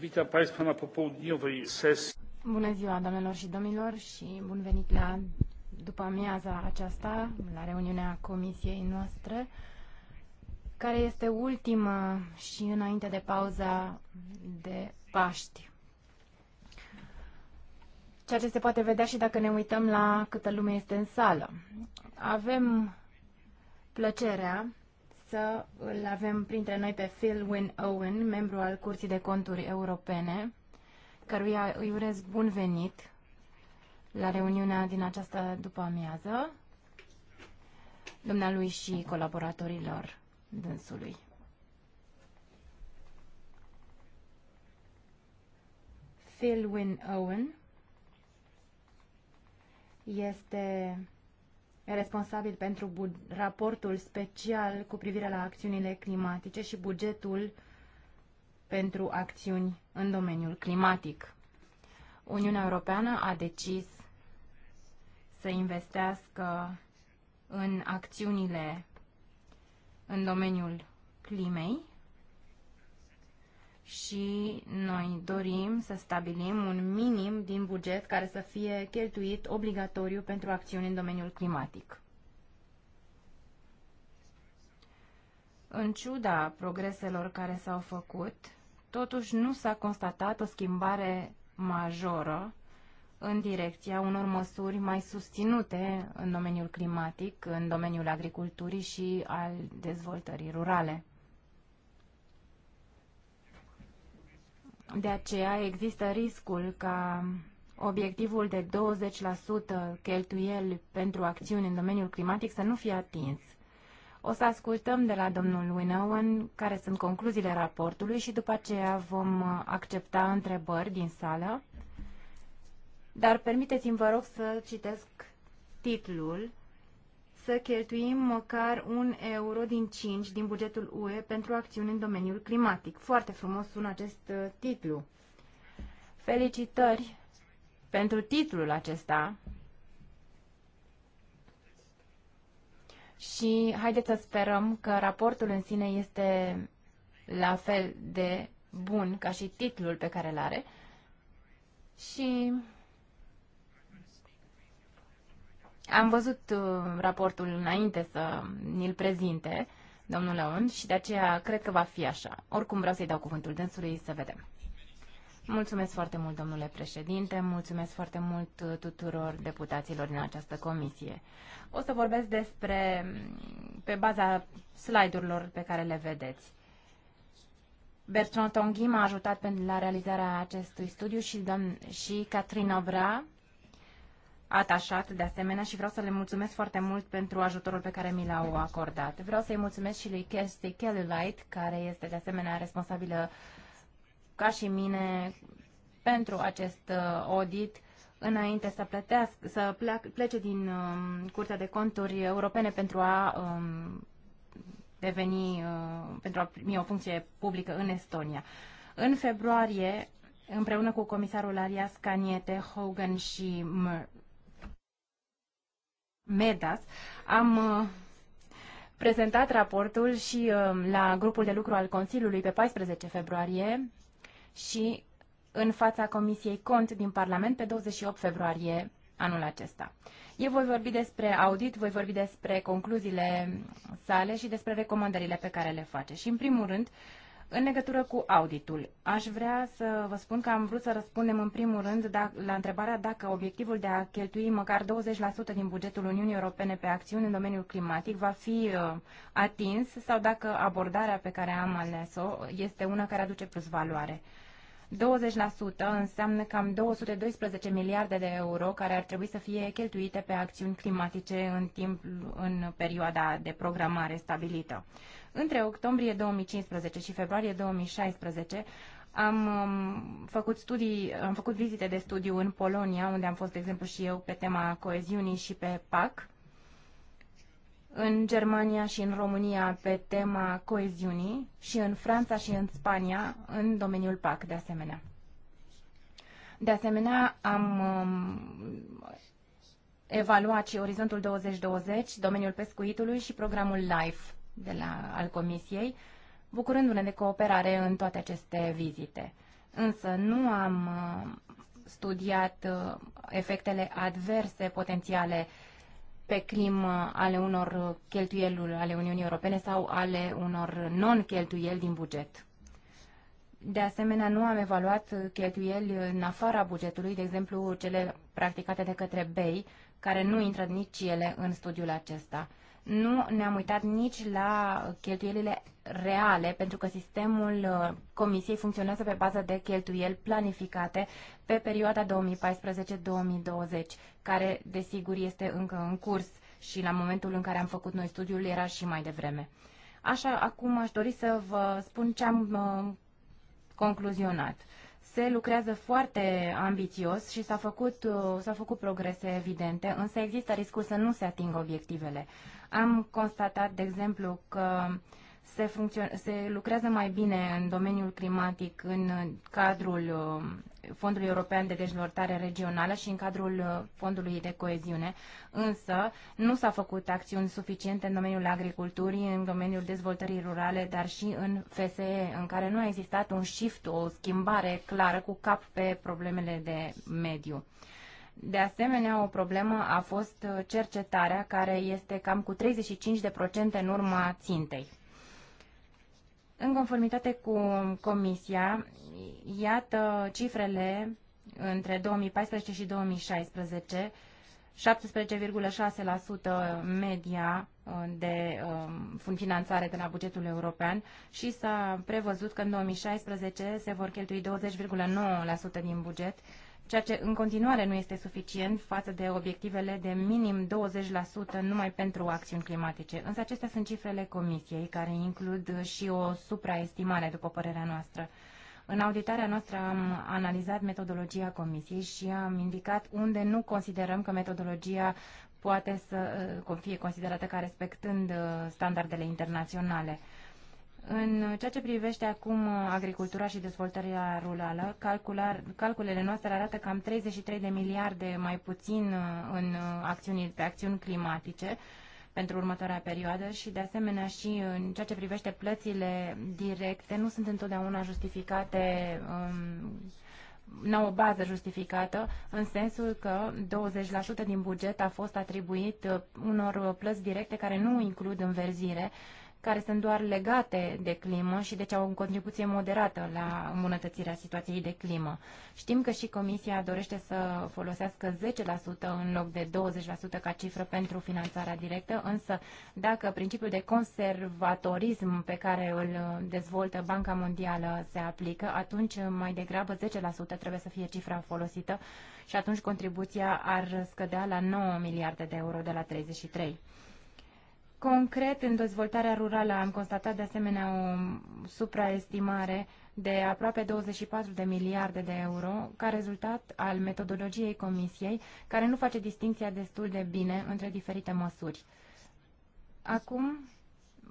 witam Państwa na popołudniowej sesji. Bună ziua, doamnelor și domnilor, și bun venit la după amiaza aceasta, la reuniunea comisiei noastre, care este ultima și înainte de pauza de Paști. Ceea ce se poate vedea și dacă ne uităm la câtă lume este în sală. Avem plăcerea să îl avem printre noi pe Phil Win Owen, membru al Curții de Conturi Europene, căruia îi urez bun venit la reuniunea din această după-amiază, dumnealui și colaboratorilor dânsului. Phil Win Owen este responsabil pentru raportul special cu privire la acțiunile climatice și bugetul pentru acțiuni în domeniul climatic. Uniunea Europeană a decis să investească în acțiunile în domeniul climei și noi dorim să stabilim un minim din buget care să fie cheltuit obligatoriu pentru acțiuni în domeniul climatic. În ciuda progreselor care s-au făcut, totuși nu s-a constatat o schimbare majoră în direcția unor măsuri mai susținute în domeniul climatic, în domeniul agriculturii și al dezvoltării rurale. De aceea există riscul ca obiectivul de 20% cheltuieli pentru acțiuni în domeniul climatic să nu fie atins. O să ascultăm de la domnul Winowen care sunt concluziile raportului și după aceea vom uh, accepta întrebări din sală. Dar permiteți-mi, vă rog, să citesc titlul să cheltuim măcar un euro din cinci din bugetul UE pentru acțiuni în domeniul climatic. Foarte frumos sună acest uh, titlu. Felicitări pentru titlul acesta. Și haideți să sperăm că raportul în sine este la fel de bun ca și titlul pe care îl are. Și Am văzut uh, raportul înainte să ni-l prezinte domnul Leon și de aceea cred că va fi așa. Oricum vreau să-i dau cuvântul dânsului să vedem. Mulțumesc foarte mult, domnule președinte, mulțumesc foarte mult uh, tuturor deputaților din această comisie. O să vorbesc despre, mm, pe baza slide-urilor pe care le vedeți. Bertrand Tonghi m-a ajutat la realizarea acestui studiu și, domn și Catherine Obra, atașat de asemenea și vreau să le mulțumesc foarte mult pentru ajutorul pe care mi l-au acordat. Vreau să-i mulțumesc și lui Kirsty Light, care este de asemenea responsabilă ca și mine pentru acest uh, audit înainte să, plătească, să plece din um, Curtea de Conturi Europene pentru a um, deveni, uh, pentru a primi o funcție publică în Estonia. În februarie împreună cu comisarul Arias Caniete, Hogan și MEDAS, am uh, prezentat raportul și uh, la grupul de lucru al Consiliului pe 14 februarie și în fața Comisiei Cont din Parlament pe 28 februarie anul acesta. Eu voi vorbi despre audit, voi vorbi despre concluziile sale și despre recomandările pe care le face. Și în primul rând în legătură cu auditul, aș vrea să vă spun că am vrut să răspundem în primul rând da, la întrebarea dacă obiectivul de a cheltui măcar 20% din bugetul Uniunii Europene pe acțiuni în domeniul climatic va fi uh, atins sau dacă abordarea pe care am ales-o este una care aduce plus valoare. 20% înseamnă cam 212 miliarde de euro care ar trebui să fie cheltuite pe acțiuni climatice în timp în perioada de programare stabilită. Între octombrie 2015 și februarie 2016 am um, făcut studii, am făcut vizite de studiu în Polonia, unde am fost, de exemplu, și eu pe tema coeziunii și pe PAC în Germania și în România pe tema coeziunii și în Franța și în Spania în domeniul PAC de asemenea. De asemenea, am um, evaluat și Orizontul 2020, domeniul pescuitului și programul LIFE de la, al Comisiei, bucurându-ne de cooperare în toate aceste vizite. Însă nu am uh, studiat uh, efectele adverse potențiale uh, pe crim uh, ale unor cheltuieli ale Uniunii Europene sau ale unor non-cheltuieli din buget. De asemenea, nu am evaluat cheltuieli în afara bugetului, de exemplu cele practicate de către BEI, care nu intră nici ele în studiul acesta nu ne-am uitat nici la cheltuielile reale, pentru că sistemul uh, comisiei funcționează pe bază de cheltuieli planificate pe perioada 2014-2020, care, desigur, este încă în curs și la momentul în care am făcut noi studiul era și mai devreme. Așa, acum aș dori să vă spun ce am uh, concluzionat. Se lucrează foarte ambițios și s-au făcut, uh, făcut progrese evidente, însă există riscul să nu se atingă obiectivele. Uh, am constatat, de exemplu, că se, se lucrează mai bine în domeniul climatic în cadrul uh, Fondului European de Dezvoltare Regională și în cadrul uh, Fondului de Coeziune, însă nu s-a făcut acțiuni suficiente în domeniul agriculturii, în domeniul dezvoltării rurale, dar și în FSE, în care nu a existat un shift, o schimbare clară cu cap pe problemele de mediu. De asemenea, o problemă a fost uh, cercetarea, care este cam cu 35% în urma țintei. În conformitate cu Comisia, iată cifrele între 2014 și 2016, 17,6% media uh, de um, finanțare de la bugetul european și s-a prevăzut că în 2016 se vor cheltui 20,9% din buget ceea ce în continuare nu este suficient față de obiectivele de minim 20% numai pentru acțiuni climatice. Însă acestea sunt cifrele Comisiei, care includ și o supraestimare, după părerea noastră. În auditarea noastră am analizat metodologia Comisiei și am indicat unde nu considerăm că metodologia poate să fie considerată ca respectând standardele internaționale. În ceea ce privește acum uh, agricultura și dezvoltarea rurală, calcular, calculele noastre arată cam 33 de miliarde mai puțin uh, în uh, acțiuni, pe acțiuni climatice pentru următoarea perioadă și de asemenea și în ceea ce privește plățile directe nu sunt întotdeauna justificate um, n-au o bază justificată, în sensul că 20% din buget a fost atribuit unor plăți directe care nu includ înverzire, uh, care sunt doar legate de climă și deci au o contribuție moderată la îmbunătățirea situației de climă. Știm că și Comisia dorește să folosească 10% în loc de 20% ca cifră pentru finanțarea directă, însă dacă principiul de conservatorism pe care îl dezvoltă Banca Mondială se aplică, atunci mai degrabă 10% trebuie să fie cifra folosită și atunci contribuția ar scădea la 9 miliarde de euro de la 33. Concret, în dezvoltarea rurală am constatat de asemenea o supraestimare de aproape 24 de miliarde de euro, ca rezultat al metodologiei Comisiei, care nu face distinția destul de bine între diferite măsuri. Acum,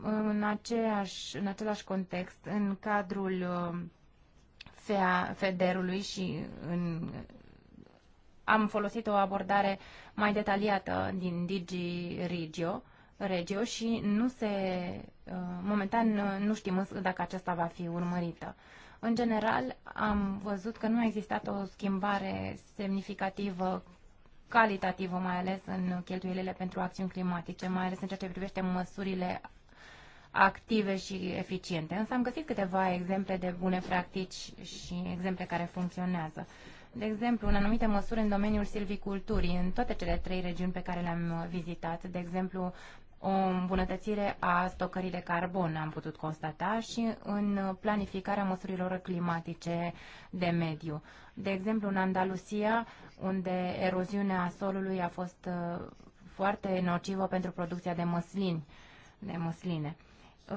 în, aceeași, în același context, în cadrul uh, FEA, FEDER-ului și în, am folosit o abordare mai detaliată din Digi Regio, Regio și nu se, uh, momentan uh, nu știm dacă aceasta va fi urmărită. În general, am văzut că nu a existat o schimbare semnificativă, calitativă mai ales în cheltuielile pentru acțiuni climatice, mai ales în ceea ce privește măsurile active și eficiente. Însă am găsit câteva exemple de bune practici și exemple care funcționează. De exemplu, în anumite măsuri în domeniul silviculturii, în toate cele trei regiuni pe care le-am vizitat, de exemplu, o îmbunătățire a stocării de carbon, am putut constata, și în planificarea măsurilor climatice de mediu. De exemplu, în Andalusia, unde eroziunea solului a fost uh, foarte nocivă pentru producția de măslini, de măsline.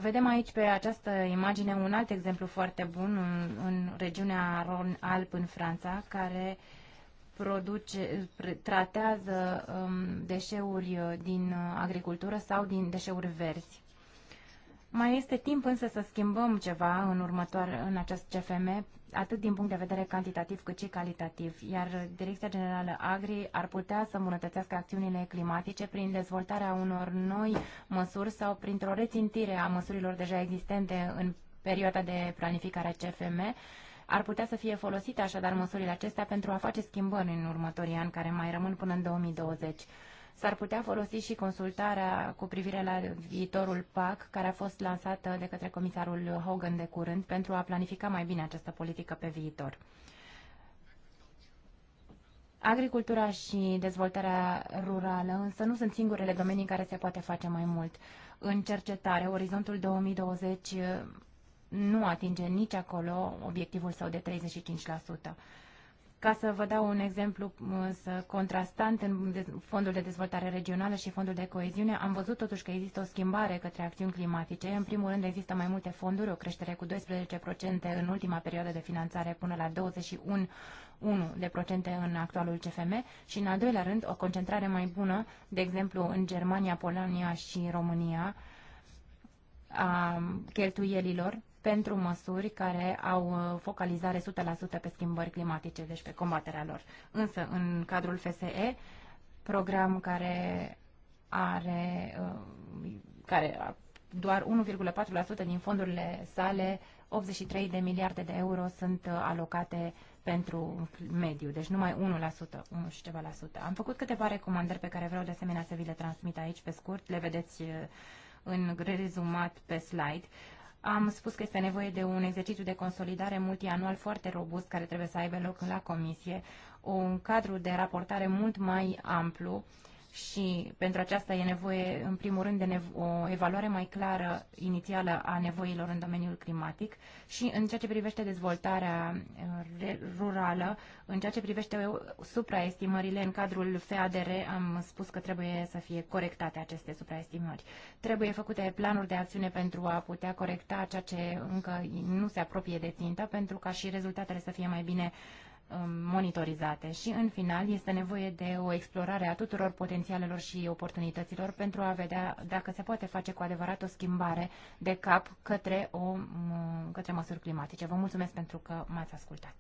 Vedem aici pe această imagine un alt exemplu foarte bun în, în regiunea Ron alp în Franța, care uh, produce, tratează um, deșeuri uh, din uh, agricultură sau din deșeuri verzi. Mai este timp însă să schimbăm ceva în, următoar în acest CFM, atât din punct de vedere cantitativ cât și calitativ, iar Direcția Generală Agri ar putea să îmbunătățească acțiunile climatice prin dezvoltarea unor noi măsuri sau printr-o rețintire a măsurilor deja existente în perioada de planificare a CFM, ar putea să fie folosite așadar măsurile acestea pentru a face schimbări în următorii ani care mai rămân până în 2020. S-ar putea folosi și consultarea cu privire la viitorul PAC, care a fost lansată de către comisarul Hogan de curând, pentru a planifica mai bine această politică pe viitor. Agricultura și dezvoltarea rurală însă nu sunt singurele domenii în care se poate face mai mult. În cercetare, Orizontul 2020 nu atinge nici acolo obiectivul său de 35%. Ca să vă dau un exemplu contrastant în Fondul de Dezvoltare Regională și Fondul de Coeziune, am văzut totuși că există o schimbare către acțiuni climatice. În primul rând există mai multe fonduri, o creștere cu 12% în ultima perioadă de finanțare până la 21 1% în actualul CFM și, în al doilea rând, o concentrare mai bună, de exemplu, în Germania, Polonia și România, a cheltuielilor pentru măsuri care au uh, focalizare 100% pe schimbări climatice, deci pe combaterea lor. Însă, în cadrul FSE, program care are uh, care doar 1,4% din fondurile sale, 83 de miliarde de euro sunt uh, alocate pentru mediu, deci numai 1%, 1 și ceva la sută. Am făcut câteva recomandări pe care vreau de asemenea să vi le transmit aici pe scurt, le vedeți în rezumat pe slide. Am spus că este nevoie de un exercițiu de consolidare multianual foarte robust care trebuie să aibă loc la comisie, un cadru de raportare mult mai amplu și pentru aceasta e nevoie, în primul rând, de o evaluare mai clară inițială a nevoilor în domeniul climatic și în ceea ce privește dezvoltarea uh, rurală, în ceea ce privește uh, supraestimările în cadrul FADR, am spus că trebuie să fie corectate aceste supraestimări. Trebuie făcute planuri de acțiune pentru a putea corecta ceea ce încă nu se apropie de țintă, pentru ca și rezultatele să fie mai bine uh, Um, monitorizate. Și, în final, este nevoie de o explorare a tuturor potențialelor și oportunităților pentru a vedea dacă se poate face cu adevărat o schimbare de cap către, o, către măsuri climatice. Vă mulțumesc pentru că m-ați ascultat.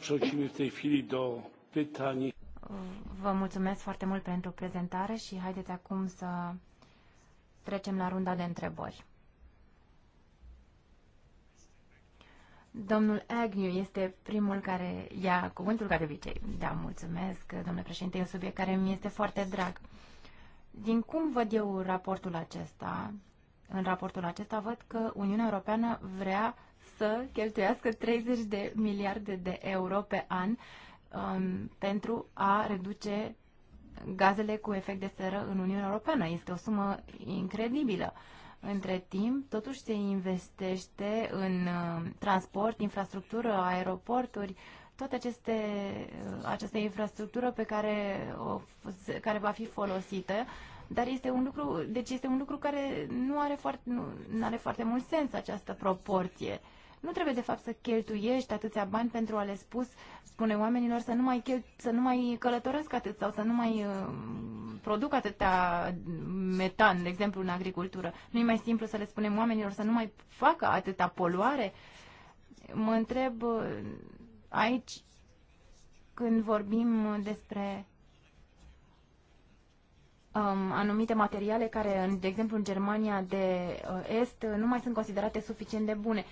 Przechodzimy w tej chwili do pytań vă mulțumesc foarte mult pentru prezentare și haideți acum să trecem la runda de întrebări. Domnul Agnew este primul care ia cuvântul ca de obicei. Da, mulțumesc, domnule președinte, e un subiect care mi este foarte drag. Din cum văd eu raportul acesta, în raportul acesta văd că Uniunea Europeană vrea să cheltuiască 30 de miliarde de euro pe an um, pentru a reduce gazele cu efect de seră în Uniunea Europeană. Este o sumă incredibilă. Între timp, totuși se investește în um, transport, infrastructură, aeroporturi, toate aceste, uh, această infrastructură pe care, o, care va fi folosită, dar este un lucru, deci este un lucru care nu are foarte, nu are foarte mult sens această proporție. Nu trebuie de fapt să cheltuiești atâția bani pentru a le spus, spune oamenilor să nu mai, chelt, să nu mai călătoresc atât sau să nu mai uh, produc atâta metan, de exemplu, în agricultură. Nu e mai simplu să le spunem oamenilor să nu mai facă atâta poluare? Mă întreb uh, aici când vorbim despre um, anumite materiale care, de exemplu, în Germania de uh, Est nu mai sunt considerate suficient de bune.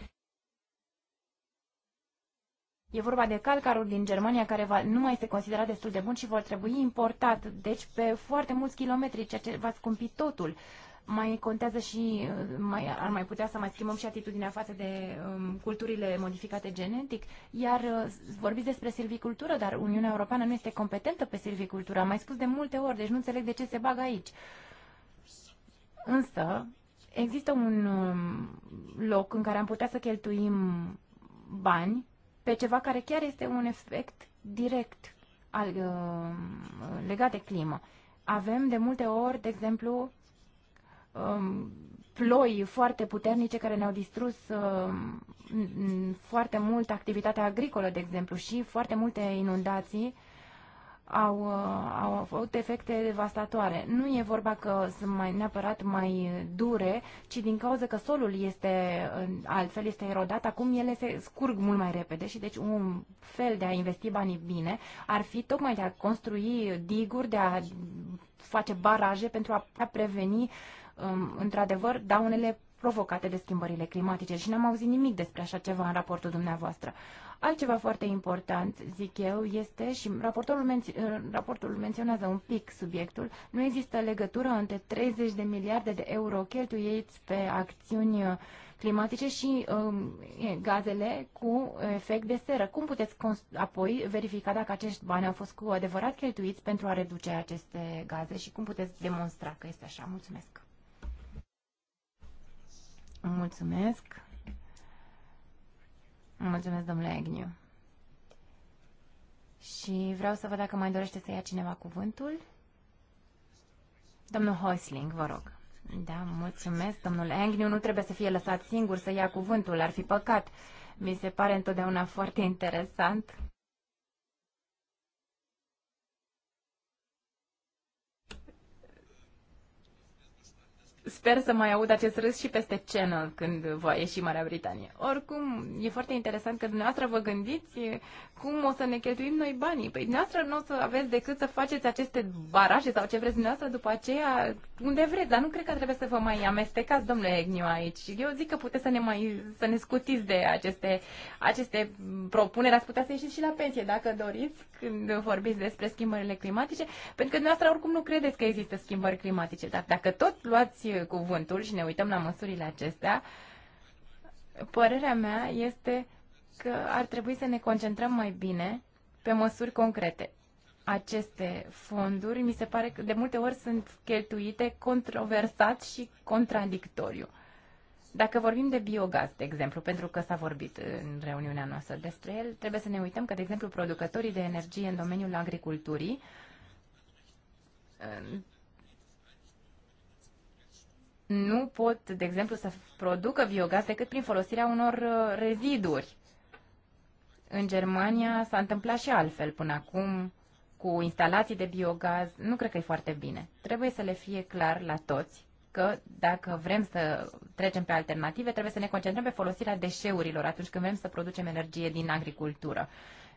E vorba de calcarul din Germania care va, nu mai este considerat destul de bun și vor trebui importat, deci pe foarte mulți kilometri, ceea ce va scumpi totul. Mai contează și, uh, mai, ar mai putea să mai schimbăm și atitudinea față de um, culturile modificate genetic, iar uh, vorbiți despre silvicultură, dar Uniunea Europeană nu este competentă pe silvicultură, am mai spus de multe ori, deci nu înțeleg de ce se bagă aici. Însă, există un um, loc în care am putea să cheltuim bani pe ceva care chiar este un efect direct al, uh, legat de climă. Avem de multe ori, de exemplu, um, ploi foarte puternice care ne-au distrus uh, foarte mult activitatea agricolă, de exemplu, și foarte multe inundații uh, au, uh, au avut efecte devastatoare. Nu e vorba că sunt mai neapărat mai dure, ci din cauza că solul este altfel, este erodat, acum ele se scurg mult mai repede și deci un fel de a investi banii bine ar fi tocmai de a construi diguri, de a face baraje pentru a preveni um, într-adevăr daunele provocate de schimbările climatice și n-am auzit nimic despre așa ceva în raportul dumneavoastră. Altceva foarte important, zic eu, este, și raportorul, menț- uh, raportul menționează un pic subiectul, nu există legătură între 30 de miliarde de euro cheltuieți pe acțiuni uh, climatice și um, gazele cu efect de seră. Cum puteți apoi verifica dacă acești bani au fost cu adevărat cheltuiți pentru a reduce aceste gaze și cum puteți demonstra că este așa? Mulțumesc! Mulțumesc! Mulțumesc, domnule Agnew. Și vreau să văd dacă mai dorește să ia cineva cuvântul. Domnul Hoisling, vă rog. Da, mulțumesc, domnul Agnew. Nu trebuie să fie lăsat singur să ia cuvântul, ar fi păcat. Mi se pare întotdeauna foarte interesant sper să mai aud acest râs și peste Channel când va ieși Marea Britanie. Oricum, e foarte interesant că dumneavoastră vă gândiți cum o să ne cheltuim noi banii. Păi dumneavoastră nu o să aveți decât să faceți aceste baraje sau ce vreți dumneavoastră după aceea unde vreți, dar nu cred că trebuie să vă mai amestecați, domnule Egniu, aici. Eu zic că puteți să ne, mai, să ne scutiți de aceste, aceste propuneri, ați putea să ieșiți și la pensie dacă doriți când vorbiți despre schimbările climatice, pentru că dumneavoastră oricum nu credeți că există schimbări climatice, dar dacă tot luați cuvântul și ne uităm la măsurile acestea, părerea mea este că ar trebui să ne concentrăm mai bine pe măsuri concrete. Aceste fonduri, mi se pare că de multe ori sunt cheltuite controversat și contradictoriu. Dacă vorbim de biogaz, de exemplu, pentru că s-a vorbit în reuniunea noastră despre el, trebuie să ne uităm că, de exemplu, producătorii de energie în domeniul agriculturii nu pot, de exemplu, să producă biogaz decât prin folosirea unor uh, reziduri. În Germania s-a întâmplat și altfel până acum cu instalații de biogaz. Nu cred că e foarte bine. Trebuie să le fie clar la toți că dacă vrem să trecem pe alternative, trebuie să ne concentrăm pe folosirea deșeurilor atunci când vrem să producem energie din agricultură.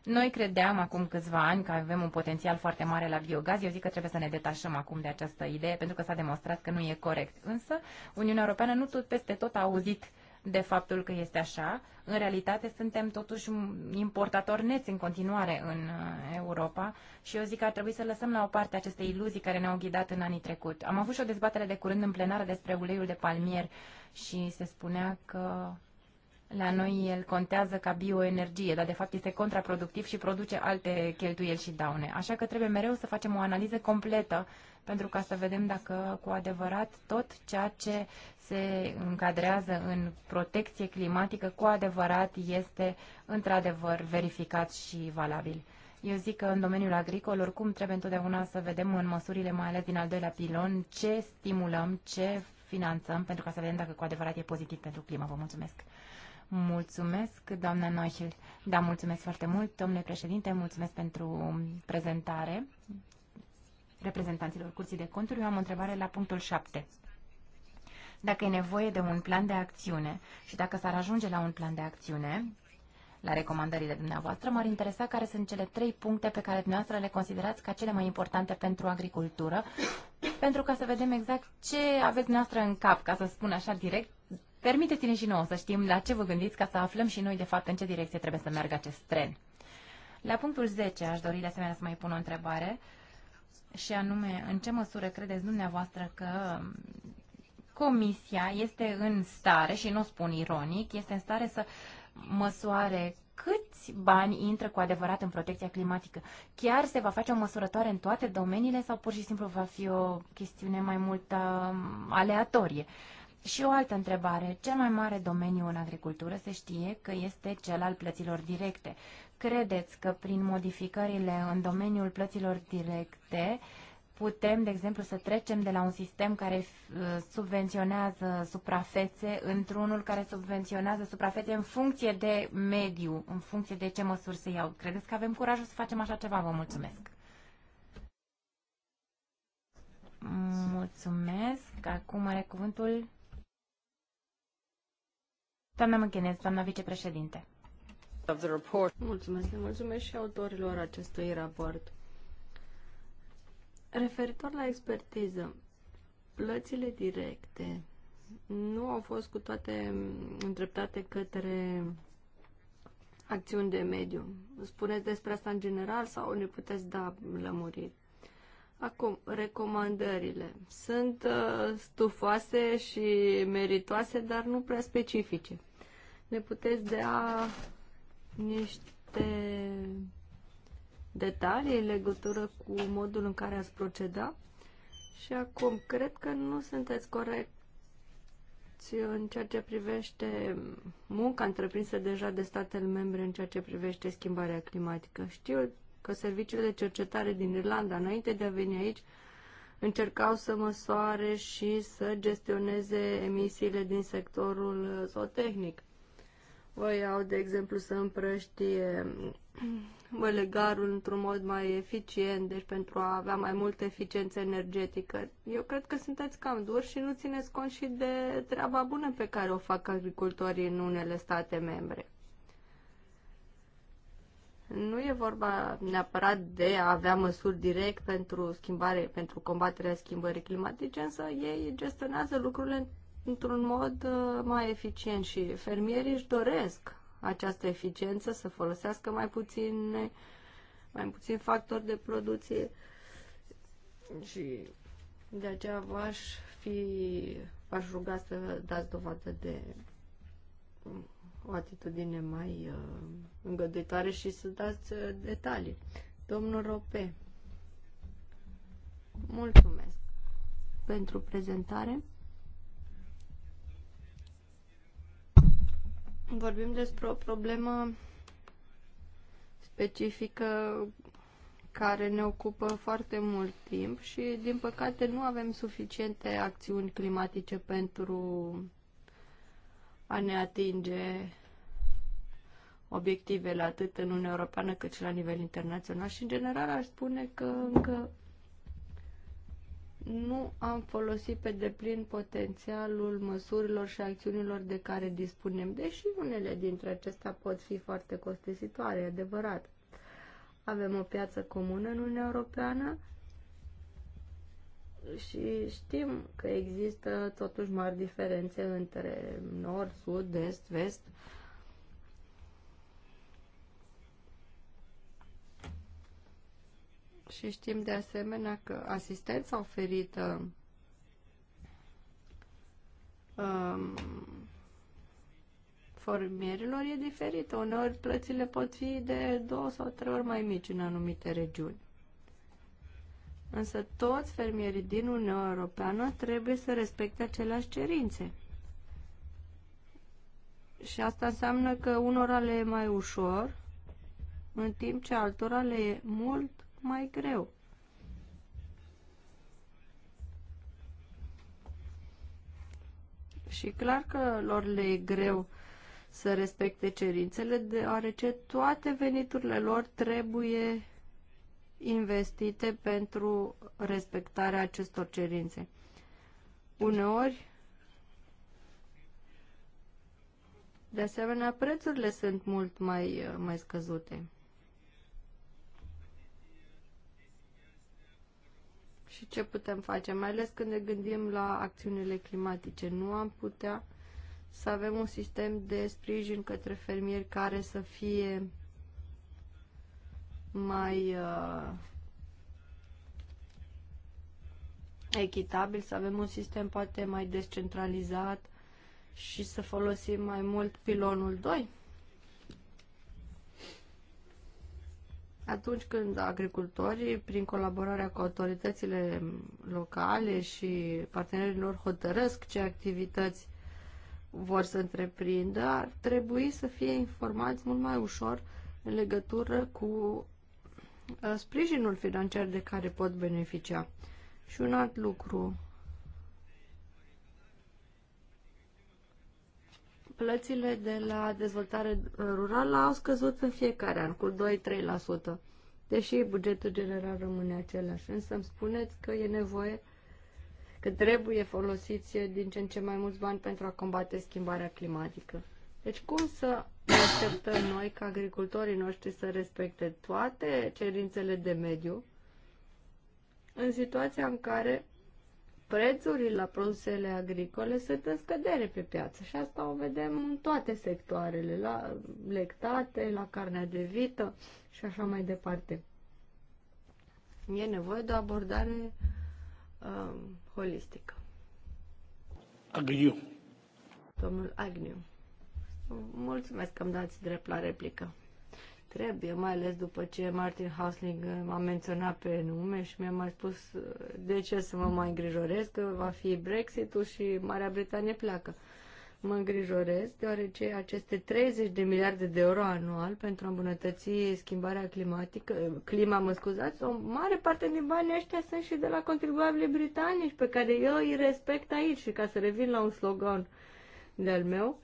Noi credeam acum câțiva ani că avem un potențial foarte mare la biogaz. Eu zic că trebuie să ne detașăm acum de această idee, pentru că s-a demonstrat că nu e corect. Însă, Uniunea Europeană nu tot peste tot a auzit de faptul că este așa. În realitate, suntem totuși importatori neți în continuare în uh, Europa și eu zic că ar trebui să lăsăm la o parte aceste iluzii care ne-au ghidat în anii trecut. Am avut și o dezbatere de curând în plenară despre uleiul de palmier și se spunea că la noi el contează ca bioenergie, dar de fapt este contraproductiv și produce alte cheltuieli și daune. Așa că trebuie mereu să facem o analiză completă pentru ca să vedem dacă cu adevărat tot ceea ce se încadrează în protecție climatică cu adevărat este într-adevăr verificat și valabil. Eu zic că în domeniul agricol, oricum, trebuie întotdeauna să vedem în măsurile, mai ales din al doilea pilon, ce stimulăm, ce finanțăm, pentru ca să vedem dacă cu adevărat e pozitiv pentru climă. Vă mulțumesc! Mulțumesc, doamna Noichel. Da, mulțumesc foarte mult, domnule președinte, mulțumesc pentru prezentare reprezentanților Curții de Conturi. Eu am o întrebare la punctul 7. Dacă e nevoie de un plan de acțiune și dacă s-ar ajunge la un plan de acțiune, la recomandările dumneavoastră, m-ar interesa care sunt cele trei puncte pe care dumneavoastră le considerați ca cele mai importante pentru agricultură, pentru ca să vedem exact ce aveți dumneavoastră în cap, ca să spun așa direct, Permiteți-ne și nouă să știm la ce vă gândiți ca să aflăm și noi de fapt în ce direcție trebuie să meargă acest tren. La punctul 10 aș dori de asemenea să mai pun o întrebare și anume în ce măsură credeți dumneavoastră că Comisia este în stare, și nu spun ironic, este în stare să măsoare câți bani intră cu adevărat în protecția climatică. Chiar se va face o măsurătoare în toate domeniile sau pur și simplu va fi o chestiune mai mult um, aleatorie? Și o altă întrebare. Cel mai mare domeniu în agricultură se știe că este cel al plăților directe. Credeți că prin modificările în domeniul plăților directe putem, de exemplu, să trecem de la un sistem care uh, subvenționează suprafețe într-unul care subvenționează suprafețe în funcție de mediu, în funcție de ce măsuri se iau. Credeți că avem curajul să facem așa ceva? Vă mulțumesc! Mulțumesc! Acum are cuvântul Doamna McGuinness, doamna vicepreședinte. Mulțumesc, mulțumesc și autorilor acestui raport. Referitor la expertiză, plățile directe nu au fost cu toate îndreptate către acțiuni de mediu. Spuneți despre asta în general sau ne puteți da lămuriri? Acum, recomandările. Sunt uh, stufoase și meritoase, dar nu prea specifice ne puteți da niște detalii în legătură cu modul în care ați proceda? Și acum, cred că nu sunteți corect în ceea ce privește munca întreprinsă deja de statele membre în ceea ce privește schimbarea climatică. Știu că serviciile de cercetare din Irlanda, înainte de a veni aici, încercau să măsoare și să gestioneze emisiile din sectorul zootehnic vă iau de exemplu să împrăștie mălegarul într-un mod mai eficient, deci pentru a avea mai multă eficiență energetică. Eu cred că sunteți cam duri și nu țineți cont și de treaba bună pe care o fac agricultorii în unele state membre. Nu e vorba neapărat de a avea măsuri direct pentru schimbare, pentru combaterea schimbării climatice, însă ei gestionează lucrurile într-un mod uh, mai eficient și fermierii își doresc această eficiență, să folosească mai puțin, mai puțin factori de producție și de aceea v-aș fi, v-aș ruga să dați dovadă de o atitudine mai uh, îngăduitoare și să dați uh, detalii. Domnul Rope, mulțumesc pentru prezentare. vorbim despre o problemă specifică care ne ocupă foarte mult timp și, din păcate, nu avem suficiente acțiuni climatice pentru a ne atinge obiectivele atât în Uniunea Europeană cât și la nivel internațional și, în general, aș spune că încă nu am folosit pe deplin potențialul măsurilor și acțiunilor de care dispunem, deși unele dintre acestea pot fi foarte costisitoare, e adevărat. Avem o piață comună în Uniunea Europeană și știm că există totuși mari diferențe între nord, sud, est, vest, Și știm de asemenea că asistența oferită um, formierilor e diferită. Uneori plățile pot fi de două sau trei ori mai mici în anumite regiuni. Însă toți fermierii din Uniunea Europeană trebuie să respecte aceleași cerințe. Și asta înseamnă că unora le e mai ușor, în timp ce altora le e mult mai greu. Și clar că lor le e greu să respecte cerințele, deoarece toate veniturile lor trebuie investite pentru respectarea acestor cerințe. Uneori, de asemenea, prețurile sunt mult mai, mai scăzute. și ce putem face, mai ales când ne gândim la acțiunile climatice. Nu am putea să avem un sistem de sprijin către fermieri care să fie mai uh, echitabil, să avem un sistem poate mai descentralizat și să folosim mai mult pilonul 2? atunci când agricultorii, prin colaborarea cu autoritățile locale și partenerilor hotărăsc ce activități vor să întreprindă, ar trebui să fie informați mult mai ușor în legătură cu uh, sprijinul financiar de care pot beneficia. Și un alt lucru plățile de la dezvoltare rurală au scăzut în fiecare an cu 2-3%, deși bugetul general rămâne același. Însă îmi spuneți că e nevoie, că trebuie folosiți din ce în ce mai mulți bani pentru a combate schimbarea climatică. Deci cum să așteptăm noi ca agricultorii noștri să respecte toate cerințele de mediu în situația în care prețurile la produsele agricole sunt în scădere pe piață și asta o vedem în toate sectoarele, la lectate, la carnea de vită și așa mai departe. E nevoie de o abordare uh, holistică. Agniu. Domnul Agniu. Mulțumesc că îmi dați drept la replică. Trebuie, mai ales după ce Martin Hausling m-a menționat pe nume și mi-a mai spus eh, de ce să mă mai îngrijorez, că va fi Brexit-ul și Marea Britanie pleacă. Mă îngrijorez deoarece aceste 30 de miliarde de euro anual pentru a îmbunătăți schimbarea climatică, clima, mă scuzați, o mare parte din banii ăștia sunt și de la contribuabilii britanici pe care eu îi respect aici și ca să revin la un slogan de-al meu,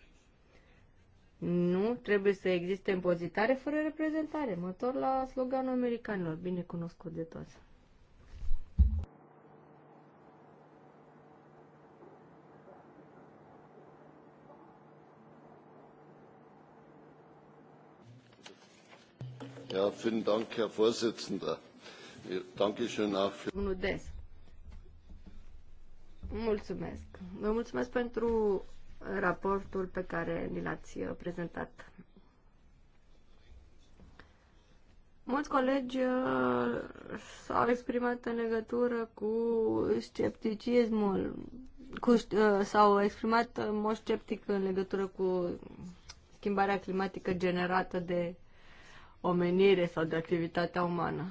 nu trebuie să existe impozitare fără reprezentare. Mă întorc la sloganul americanilor, bine cunoscut de toți. Ja, vielen Dank, Herr Vorsitzender. Dankeschön auch für... Mulțumesc. Vă mulțumesc pentru raportul pe care ni l-ați uh, prezentat. Mulți colegi s-au uh, exprimat în legătură cu scepticismul cu, uh, s-au exprimat în mod sceptic în legătură cu schimbarea climatică generată de omenire sau de activitatea umană.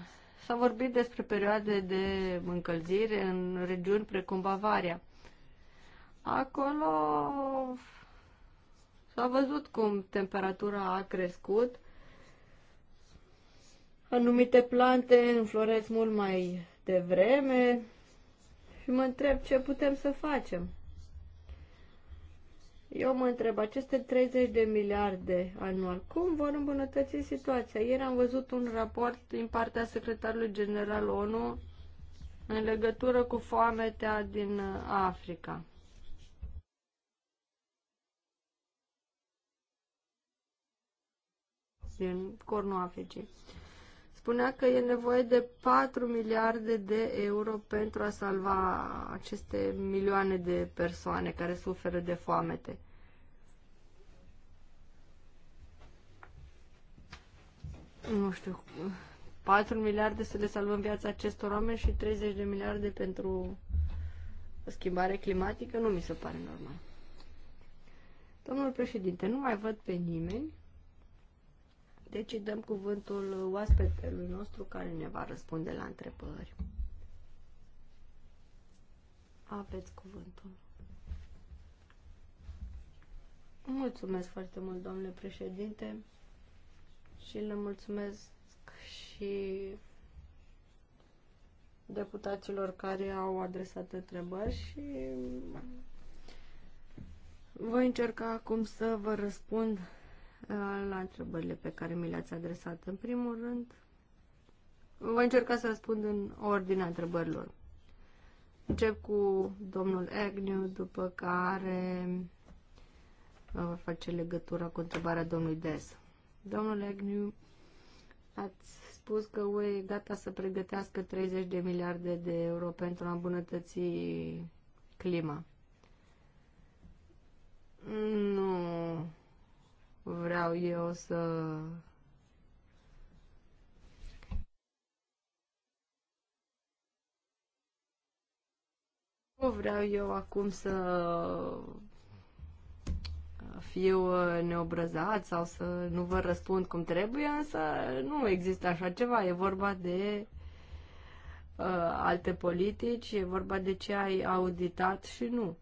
S-a vorbit despre perioade de încălzire în regiuni precum Bavaria. Acolo s-a văzut cum temperatura a crescut. Anumite plante înfloresc mult mai devreme și mă întreb ce putem să facem. Eu mă întreb, aceste 30 de miliarde anual, cum vor îmbunătăți situația? Ieri am văzut un raport din partea secretarului general ONU în legătură cu foametea din uh, Africa. din cornul Africii. Spunea că e nevoie de 4 miliarde de euro pentru a salva aceste milioane de persoane care suferă de foamete. Nu știu, 4 miliarde să le salvăm viața acestor oameni și 30 de miliarde pentru schimbare climatică nu mi se pare normal. Domnul președinte, nu mai văd pe nimeni deci dăm cuvântul oaspetelui nostru care ne va răspunde la întrebări. Aveți cuvântul. Mulțumesc foarte mult, domnule președinte, și le mulțumesc și deputaților care au adresat întrebări și voi încerca acum să vă răspund Uh, la întrebările pe care mi le-ați adresat. În primul rând, voi încerca să răspund în ordinea întrebărilor. Încep cu domnul Agnew, după care uh, voi face legătura cu întrebarea domnului Des. Domnul Agnew, ați spus că UE e gata să pregătească 30 de miliarde de euro pentru a îmbunătăți clima. Nu vreau eu să Nu vreau eu acum să fiu uh, neobrăzat sau să nu vă răspund cum trebuie, însă nu există așa ceva. E vorba de uh, alte politici, e vorba de ce ai auditat și nu.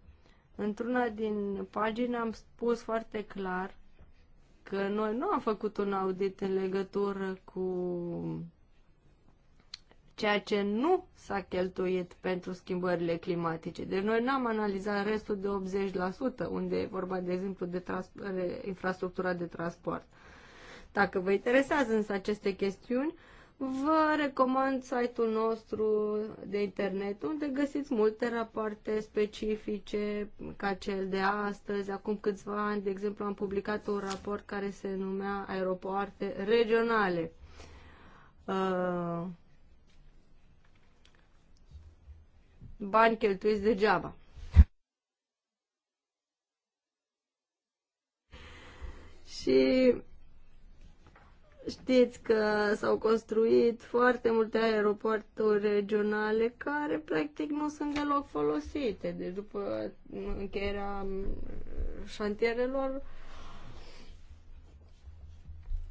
Într-una din pagini am spus foarte clar că noi nu am făcut un audit în legătură cu ceea ce nu s-a cheltuit pentru schimbările climatice. Deci noi n-am analizat restul de 80%, unde e vorba, de exemplu, de infrastructura de transport. Dacă vă interesează însă aceste chestiuni, uh, Vă recomand site-ul nostru de internet unde găsiți multe rapoarte specifice ca cel de astăzi. Acum câțiva ani, de exemplu, am publicat un raport care se numea Aeropoarte Regionale. Uh, bani cheltuiți degeaba. Și Știți că s-au construit foarte multe aeroporturi regionale care practic nu sunt deloc folosite. Deci după încheierea șantierelor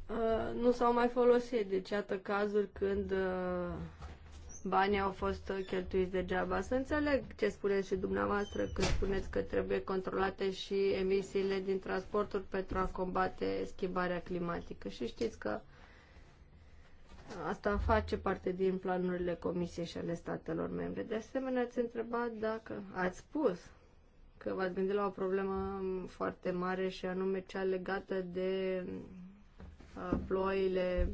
uh, nu s-au mai folosit. Deci iată cazuri când uh, banii au fost cheltuiți degeaba. Să înțeleg ce spuneți și dumneavoastră când spuneți că trebuie controlate și emisiile din transporturi pentru a combate schimbarea climatică. Și știți că asta face parte din planurile Comisiei și ale statelor membre. De asemenea, ați întrebat dacă ați spus că v-ați gândit la o problemă foarte mare și anume cea legată de uh, ploile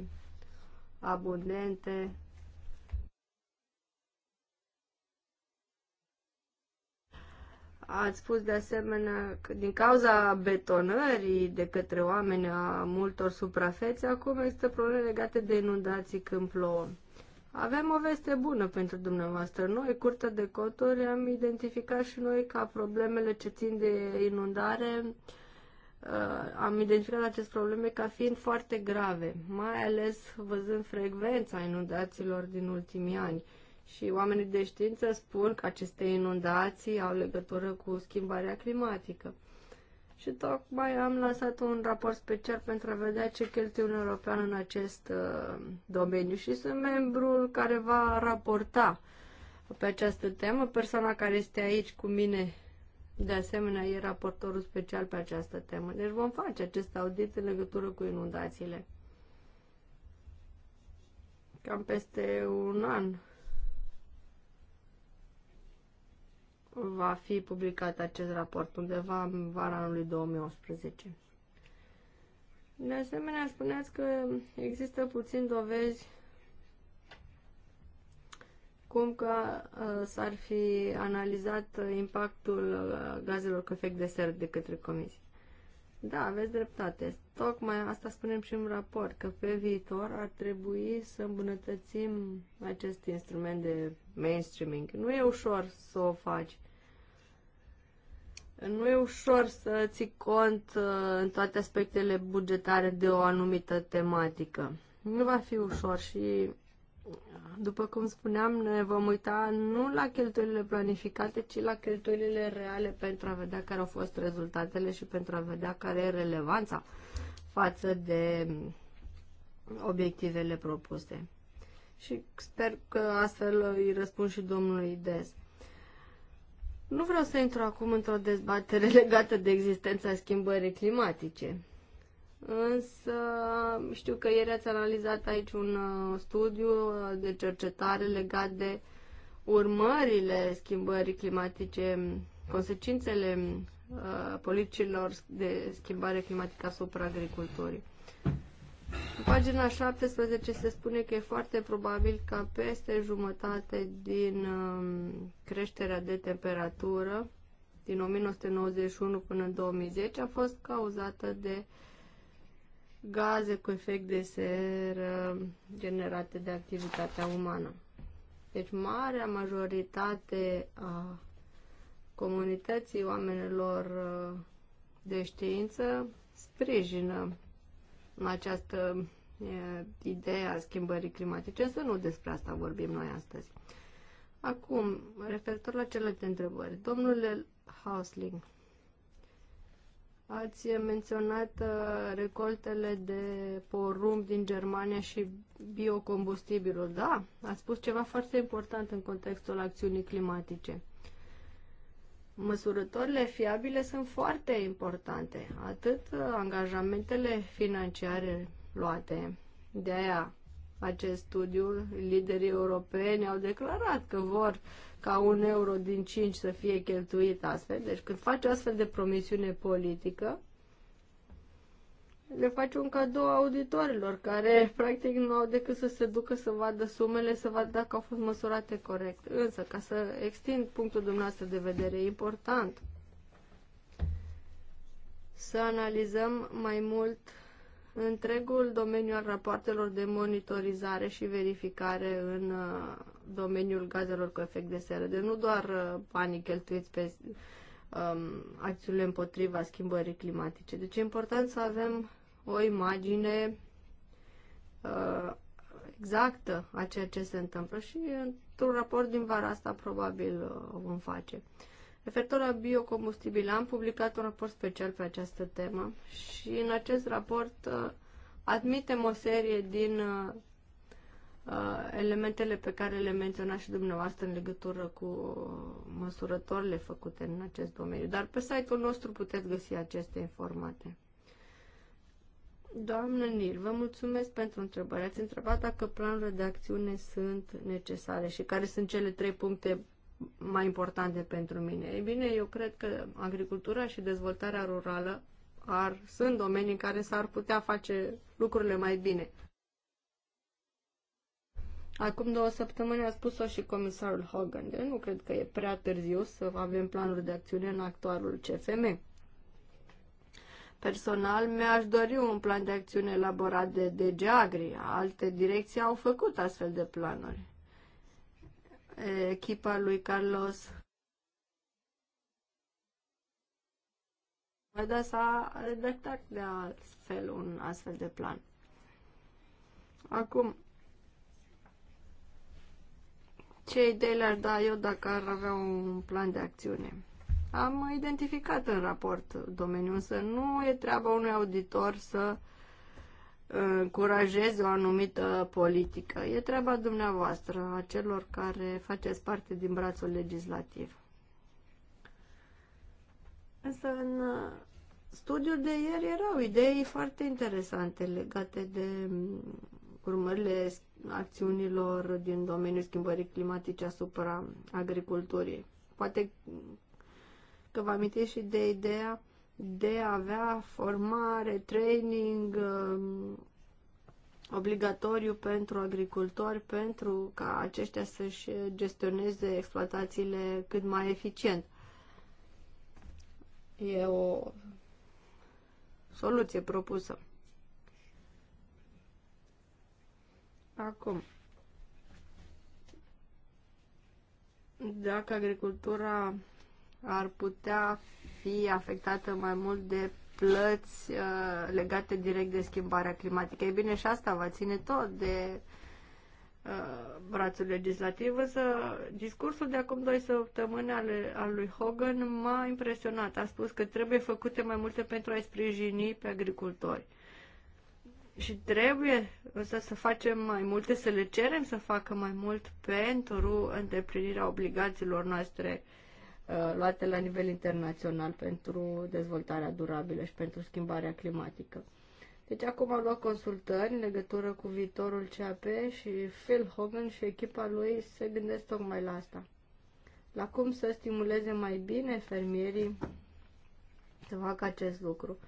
abundente Ați spus de asemenea că din cauza betonării de către oameni a multor suprafețe, acum există probleme legate de inundații când plouă. Avem o veste bună pentru dumneavoastră. Noi, Curtea de Coturi, am identificat și noi ca problemele ce țin de inundare, uh, am identificat aceste probleme ca fiind foarte grave, mai ales văzând frecvența inundațiilor din ultimii ani. Și oamenii de știință spun că aceste inundații au legătură cu schimbarea climatică. Și tocmai am lansat un raport special pentru a vedea ce cheltuie Uniunea Europeană în acest uh, domeniu și sunt membrul care va raporta pe această temă. Persoana care este aici cu mine, de asemenea, e raportorul special pe această temă. Deci vom face acest audit în legătură cu inundațiile. Cam peste un an va fi publicat acest raport undeva în vara anului 2018. De asemenea, spuneați că există puțin dovezi cum că uh, s-ar fi analizat uh, impactul uh, gazelor cu efect de seră de către comisie. Da, aveți dreptate. Tocmai asta spunem și în raport, că pe viitor ar trebui să îmbunătățim acest instrument de mainstreaming. Nu e ușor să o faci. Nu e ușor să ții cont uh, în toate aspectele bugetare de o anumită tematică. Nu va fi ușor și după cum spuneam, ne vom uita nu la cheltuielile planificate, ci la cheltuielile reale pentru a vedea care au fost rezultatele și pentru a vedea care e relevanța față de obiectivele propuse. Și sper că astfel îi răspund și domnului Des. Nu vreau să intru acum într-o dezbatere legată de existența schimbării climatice. Însă știu că ieri ați analizat aici un uh, studiu uh, de cercetare legat de urmările schimbării climatice, consecințele uh, politicilor de schimbare climatică asupra agriculturii. În pagina 17 se spune că e foarte probabil ca peste jumătate din um, creșterea de temperatură din 1991 până în 2010 a fost cauzată de uh, gaze cu efect de seră generate de activitatea umană. Deci marea majoritate a comunității oamenilor uh, de știință sprijină această uh, idee a schimbării climatice, însă nu despre asta vorbim noi astăzi. Acum, referitor la celelalte întrebări, domnule Hausling, Ați menționat uh, recoltele de porumb din Germania și biocombustibilul. Da, ați spus ceva foarte important în contextul acțiunii climatice. Măsurătorile fiabile sunt foarte importante, atât uh, angajamentele financiare luate. De aia acest studiu, liderii europeni au declarat că vor uh, ca un euro din cinci să fie cheltuit astfel. Deci când faci astfel de promisiune politică, le faci un cadou auditorilor care practic nu au decât să se ducă să vadă sumele, să vadă dacă au fost măsurate corect. Însă, ca să extind punctul dumneavoastră de vedere, e important să analizăm mai mult întregul domeniu al rapoartelor de monitorizare și verificare în uh, domeniul gazelor cu efect de seră. Deci nu doar uh, banii cheltuiți pe um, acțiunile împotriva schimbării climatice. Deci e important să avem o imagine uh, exactă a ceea ce se întâmplă și într-un raport din vara asta probabil uh, o vom face. Referitor la biocombustibil, am publicat un raport special pe această temă și în acest raport uh, admitem o serie din Uh, elementele pe care le menționa și dumneavoastră în legătură cu măsurătorile făcute în acest domeniu. Dar pe site-ul nostru puteți găsi aceste informații. Doamnă Nil, vă mulțumesc pentru întrebare. Ați întrebat dacă planurile de acțiune sunt necesare și care sunt cele trei puncte mai importante pentru mine. Ei bine, eu cred că agricultura și dezvoltarea rurală ar, sunt domenii în care s-ar putea face lucrurile mai bine. Acum două săptămâni a spus-o și comisarul Hogan. Eu nu cred că e prea târziu să avem planuri de acțiune în actualul CFM. Personal, mi-aș dori un plan de acțiune elaborat de DG Agri. Alte direcții au făcut astfel de planuri. Echipa lui Carlos Vada s-a redactat de altfel un astfel de plan. Acum, ce idei le ar da eu dacă ar avea un plan de acțiune. Am identificat în raport domeniul, însă nu e treaba unui auditor să uh, încurajeze o anumită politică. E treaba dumneavoastră, a celor care faceți parte din brațul legislativ. Însă în uh, studiul de ieri erau idei foarte interesante legate de mm, urmările acțiunilor din domeniul schimbării climatice asupra agriculturii. Poate că vă amintiți și de ideea de a avea formare, training um, obligatoriu pentru agricultori pentru ca aceștia să-și gestioneze exploatațiile cât mai eficient. E o soluție propusă. Acum, dacă agricultura ar putea fi afectată mai mult de plăți uh, legate direct de schimbarea climatică. E bine, și asta va ține tot de uh, brațul legislativ, însă discursul de acum doi săptămâni al, al lui Hogan m-a impresionat. A spus că trebuie făcute mai multe pentru a-i sprijini pe agricultori. Uh, și trebuie însă să facem mai multe, să le cerem să facă mai mult pentru îndeplinirea obligațiilor noastre uh, luate la nivel internațional pentru dezvoltarea durabilă și pentru schimbarea climatică. Deci acum am luat consultări în legătură cu viitorul CAP și Phil Hogan și echipa lui se gândesc tocmai la asta. La cum să stimuleze mai bine fermierii să facă acest lucru.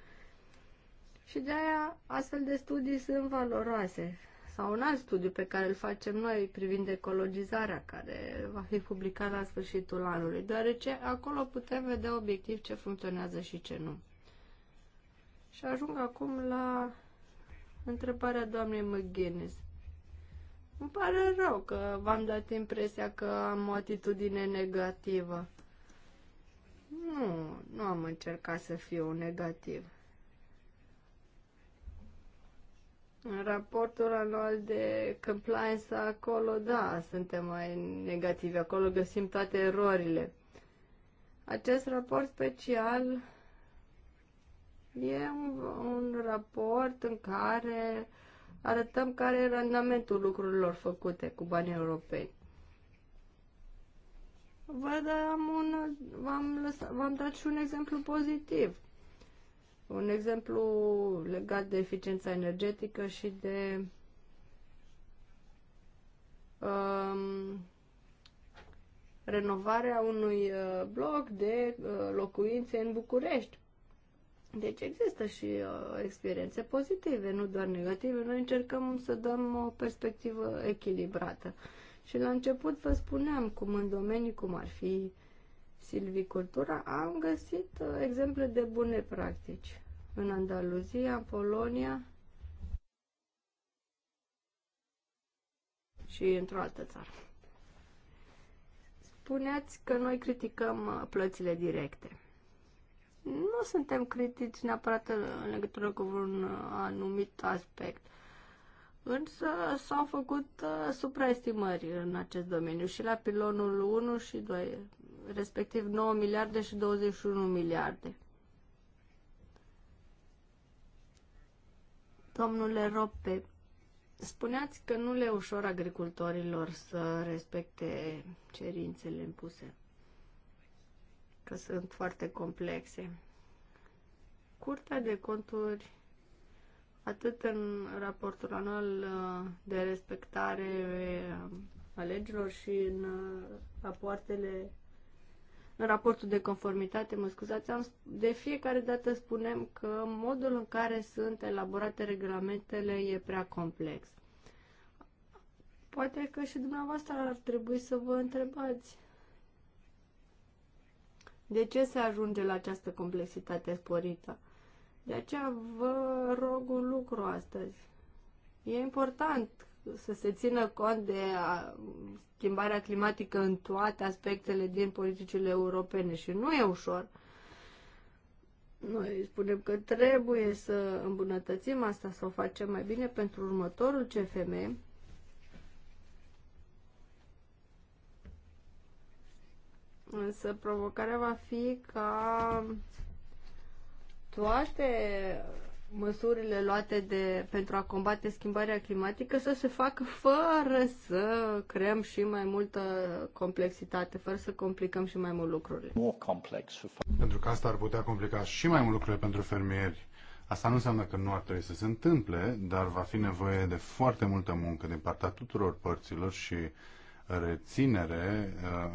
Și de aia astfel de studii sunt valoroase. Sau un alt studiu pe care îl facem noi privind ecologizarea, care va fi publicat la sfârșitul anului, deoarece acolo putem vedea obiectiv ce funcționează și ce nu. Și ajung acum la întrebarea doamnei McGuinness. Îmi pare rău că v-am dat impresia că am o atitudine negativă. Nu, nu am încercat să fiu negativ. raportul anual de compliance acolo, da, suntem mai negativi, acolo găsim toate erorile. Acest raport special e un, un raport în care arătăm care e randamentul lucrurilor făcute cu banii europeni. Văd, am un, v-am, lăsat, v-am dat și un exemplu pozitiv. Un exemplu legat de eficiența energetică și de um, renovarea unui uh, bloc de uh, locuințe în București. Deci există și uh, experiențe pozitive, nu doar negative. Noi încercăm să dăm o perspectivă echilibrată. Și la început vă spuneam cum în domenii cum ar fi silvicultura, am găsit uh, exemple de bune practici în Andaluzia, în Polonia și într-o altă țară. Spuneați că noi criticăm uh, plățile directe. Nu suntem critici neapărat în legătură cu un uh, anumit aspect. Însă s-au făcut uh, supraestimări în acest domeniu și la pilonul 1 și 2 respectiv 9 miliarde și 21 miliarde. Domnule Rope, spuneați că nu le ușor agricultorilor să respecte cerințele impuse, că sunt foarte complexe. Curtea de conturi, atât în raportul anual uh, de respectare a legilor și în uh, rapoartele în raportul de conformitate, mă scuzați, am, de fiecare dată spunem că modul în care sunt elaborate regulamentele e prea complex. Poate că și dumneavoastră ar trebui să vă întrebați de ce se ajunge la această complexitate sporită. De aceea vă rog un lucru astăzi. E important să se țină cont de schimbarea climatică în toate aspectele din politicile europene și nu e ușor. Noi spunem că trebuie să îmbunătățim asta, să o facem mai bine pentru următorul CFM. Însă provocarea va fi ca toate măsurile luate de, pentru a combate schimbarea climatică să se facă fără să creăm și mai multă complexitate, fără să complicăm și mai mult lucrurile. Pentru că asta ar putea complica și mai mult lucrurile pentru fermieri. Asta nu înseamnă că nu ar trebui să se întâmple, dar va fi nevoie de foarte multă muncă din partea tuturor părților și reținere uh,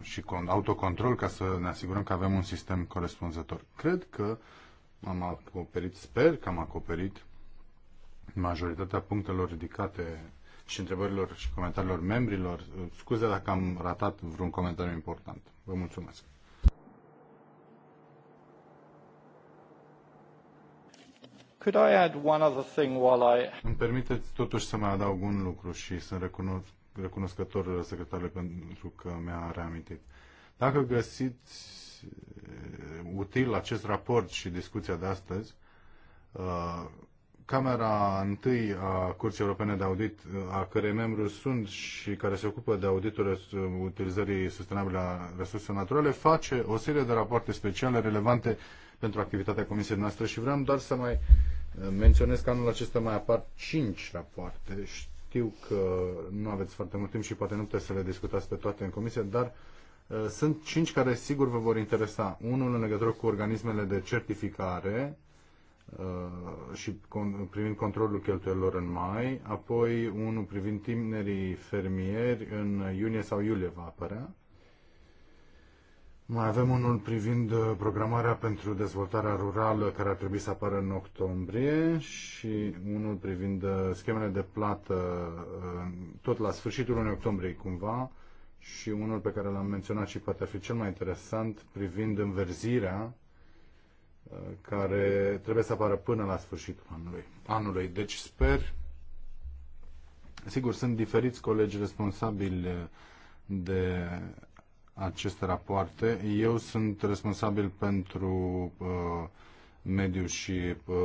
și autocontrol ca să ne asigurăm că avem un sistem corespunzător. Cred că am acoperit, sper că am acoperit majoritatea punctelor ridicate și întrebărilor și comentariilor membrilor. Scuze dacă am ratat vreun comentariu important. Vă mulțumesc. Could I add one other thing while I... Îmi permiteți totuși să mai adaug un lucru și sunt recunosc, recunoscător secretarului pentru că mi-a reamintit. Dacă găsiți Uh, util acest raport și discuția de astăzi. Uh, Camera întâi a Curții Europene de Audit, uh, a cărei membru sunt și care se ocupă de auditul utilizării sustenabile a resurselor naturale, face o serie de rapoarte speciale relevante pentru activitatea comisiei noastre și vreau doar să mai menționez că anul acesta mai apar 5 rapoarte. Știu că nu aveți foarte mult timp și poate nu puteți să le discutați pe toate în comisie, dar uh, Uh, sunt cinci care sigur vă vor interesa. Unul în legătură cu organismele de certificare uh, și privind controlul cheltuielor în mai, apoi unul privind tinerii fermieri în iunie sau iulie va apărea. Mai avem unul privind uh, programarea pentru dezvoltarea rurală care ar trebui să apară în octombrie și unul privind schemele de plată tot la sfârșitul lunii octombrie cumva și unul pe care l-am menționat și poate ar fi cel mai interesant privind înverzirea uh, care trebuie să apară până la sfârșitul anului. anului. Deci sper, sigur, sunt diferiți colegi responsabili uh, de aceste rapoarte. Eu sunt responsabil pentru uh, mediu și uh,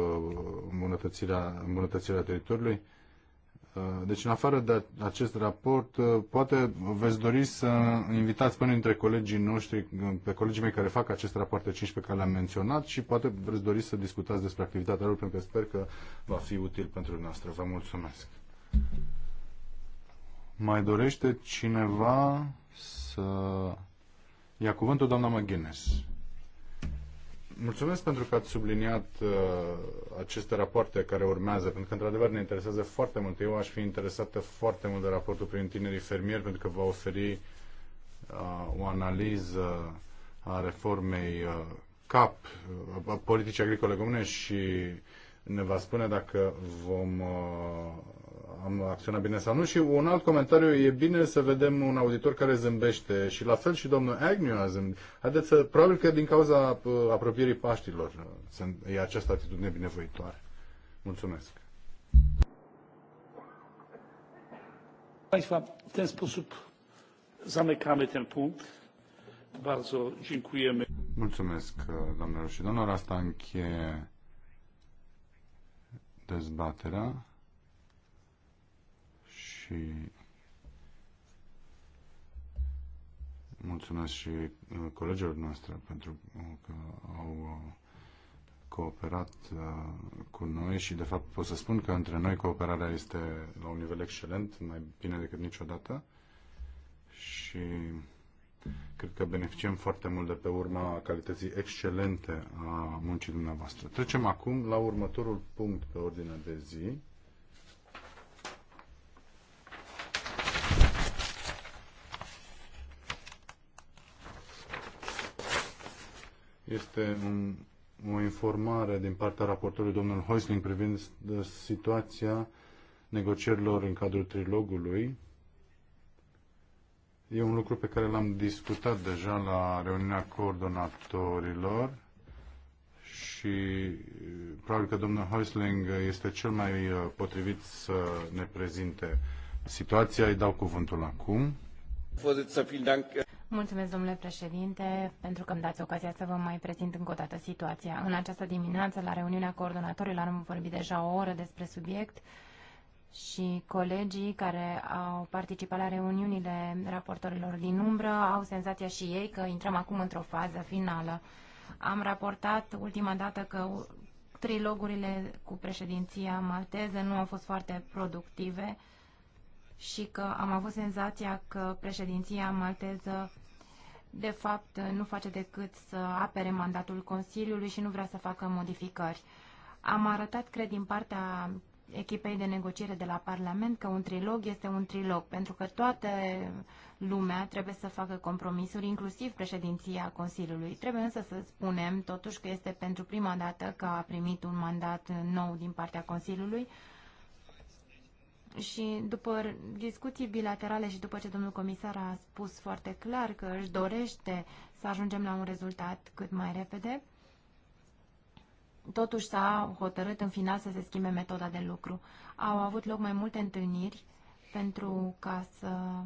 îmbunătățirea, îmbunătățirea teritoriului. Uh, Uh, deci, în afară de acest raport, uh, poate veți dori să invitați până dintre colegii noștri, uh, pe colegii mei care fac aceste rapoarte 15 pe care le-am menționat și poate veți dori să discutați despre activitatea lor, pentru că sper că va fi util pentru noastră. Vă mulțumesc. Mai dorește cineva să ia cuvântul doamna McGuinness? Mulțumesc pentru că ați subliniat uh, aceste rapoarte care urmează, pentru că într-adevăr ne interesează foarte mult. Eu aș fi interesată foarte mult de raportul prin tinerii fermieri, pentru că va oferi uh, o analiză a reformei uh, CAP, uh, politicii agricole comune și ne va spune dacă vom uh, am acționat bine sau nu. Și un alt comentariu, e bine să vedem un auditor care zâmbește și la fel și domnul Agnew a zâmbit. Haideți să, probabil că din cauza uh, apropierii Paștilor uh, e această atitudine binevoitoare. Mulțumesc. Państwa, w ten sposób zamykamy ten punkt. Bardzo dziękujemy. Mulțumesc, uh, doamnelor și domnilor. Asta încheie dezbaterea și mulțumesc și uh, colegilor noastre pentru uh, că au uh, cooperat cu noi și de fapt pot să spun că între noi cooperarea este la un nivel excelent, mai bine decât niciodată și cred că beneficiem foarte mult de pe urma calității excelente a muncii dumneavoastră. Trecem acum la următorul punct pe ordinea de zi este un, o informare din partea raportorului domnul Hoisling privind situația negocierilor în cadrul trilogului. E un lucru pe care l-am discutat deja la reuniunea coordonatorilor și probabil că domnul Hoisling este cel mai uh, potrivit să ne prezinte situația. Îi dau cuvântul acum. Mulțumesc, domnule președinte, pentru că îmi dați ocazia să vă mai prezint încă o dată situația. În această dimineață, la reuniunea coordonatorilor, am vorbit deja o oră despre subiect și colegii care au participat la reuniunile raportorilor din umbră au senzația și ei că intrăm acum într-o fază finală. Am raportat ultima dată că trilogurile cu președinția malteză nu au fost foarte productive și că am avut senzația că președinția malteză de fapt nu face decât să apere mandatul Consiliului și nu vrea să facă modificări. Am arătat, cred, din partea echipei de negociere de la Parlament că un trilog este un trilog, pentru că toată lumea trebuie să facă compromisuri, inclusiv președinția Consiliului. Trebuie însă să spunem, totuși, că este pentru prima dată că a primit un mandat nou din partea Consiliului, și după discuții bilaterale și după ce domnul comisar a spus foarte clar că își dorește să ajungem la un rezultat cât mai repede, totuși s-a hotărât în final să se schimbe metoda de lucru. Au avut loc mai multe întâlniri pentru ca să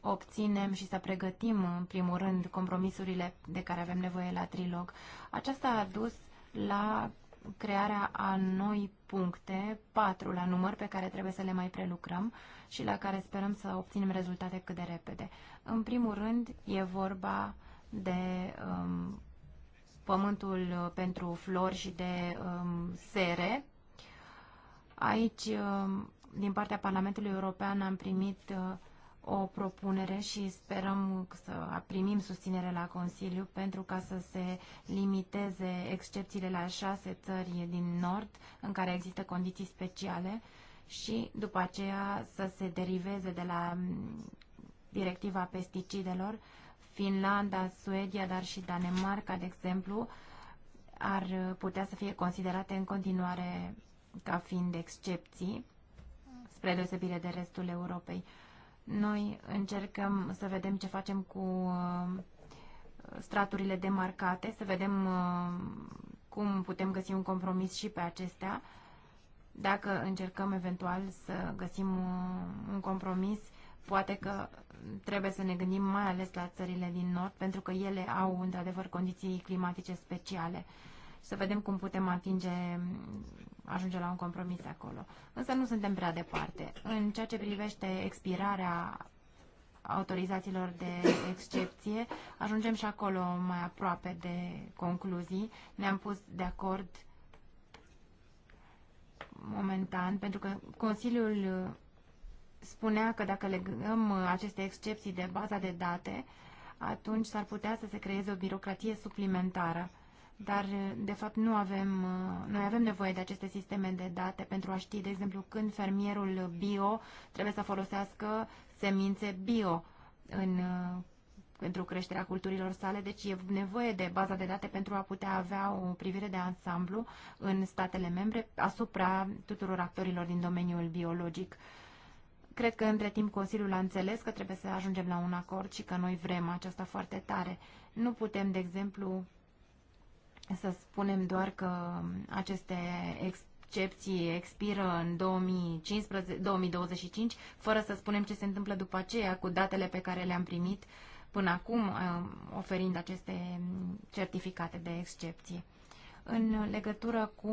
obținem și să pregătim, în primul rând, compromisurile de care avem nevoie la trilog. Aceasta a dus la crearea a noi puncte, patru la număr, pe care trebuie să le mai prelucrăm și la care sperăm să obținem rezultate cât de repede. În primul rând, e vorba de um, pământul pentru flori și de um, sere. Aici, um, din partea Parlamentului European, am primit uh, o propunere și sperăm să primim susținere la Consiliu pentru ca să se limiteze excepțiile la șase țări din Nord în care există condiții speciale și după aceea să se deriveze de la mm, directiva pesticidelor. Finlanda, Suedia, dar și Danemarca, de exemplu, ar putea să fie considerate în continuare ca fiind excepții, spre deosebire de restul Europei. Noi încercăm să vedem ce facem cu uh, straturile demarcate, să vedem uh, cum putem găsi un compromis și pe acestea, dacă încercăm eventual să găsim uh, un compromis poate că trebuie să ne gândim mai ales la țările din nord, pentru că ele au într-adevăr condiții climatice speciale. Să vedem cum putem atinge ajunge la un compromis acolo. Însă nu suntem prea departe. În ceea ce privește expirarea autorizațiilor de excepție, ajungem și acolo mai aproape de concluzii. Ne-am pus de acord momentan, pentru că Consiliul spunea că dacă legăm aceste excepții de baza de date, atunci s-ar putea să se creeze o birocratie suplimentară dar de fapt nu avem, uh, noi avem nevoie de aceste sisteme de date pentru a ști, de exemplu, când fermierul bio trebuie să folosească semințe bio în, uh, pentru creșterea culturilor sale, deci e nevoie de baza de date pentru a putea avea o privire de ansamblu în statele membre asupra tuturor actorilor din domeniul biologic. Cred că între timp Consiliul a înțeles că trebuie să ajungem la un acord și că noi vrem aceasta foarte tare. Nu putem, de exemplu, să spunem doar că aceste excepții expiră în 2015, 2025, fără să spunem ce se întâmplă după aceea cu datele pe care le-am primit până acum, uh, oferind aceste certificate de excepție. În legătură cu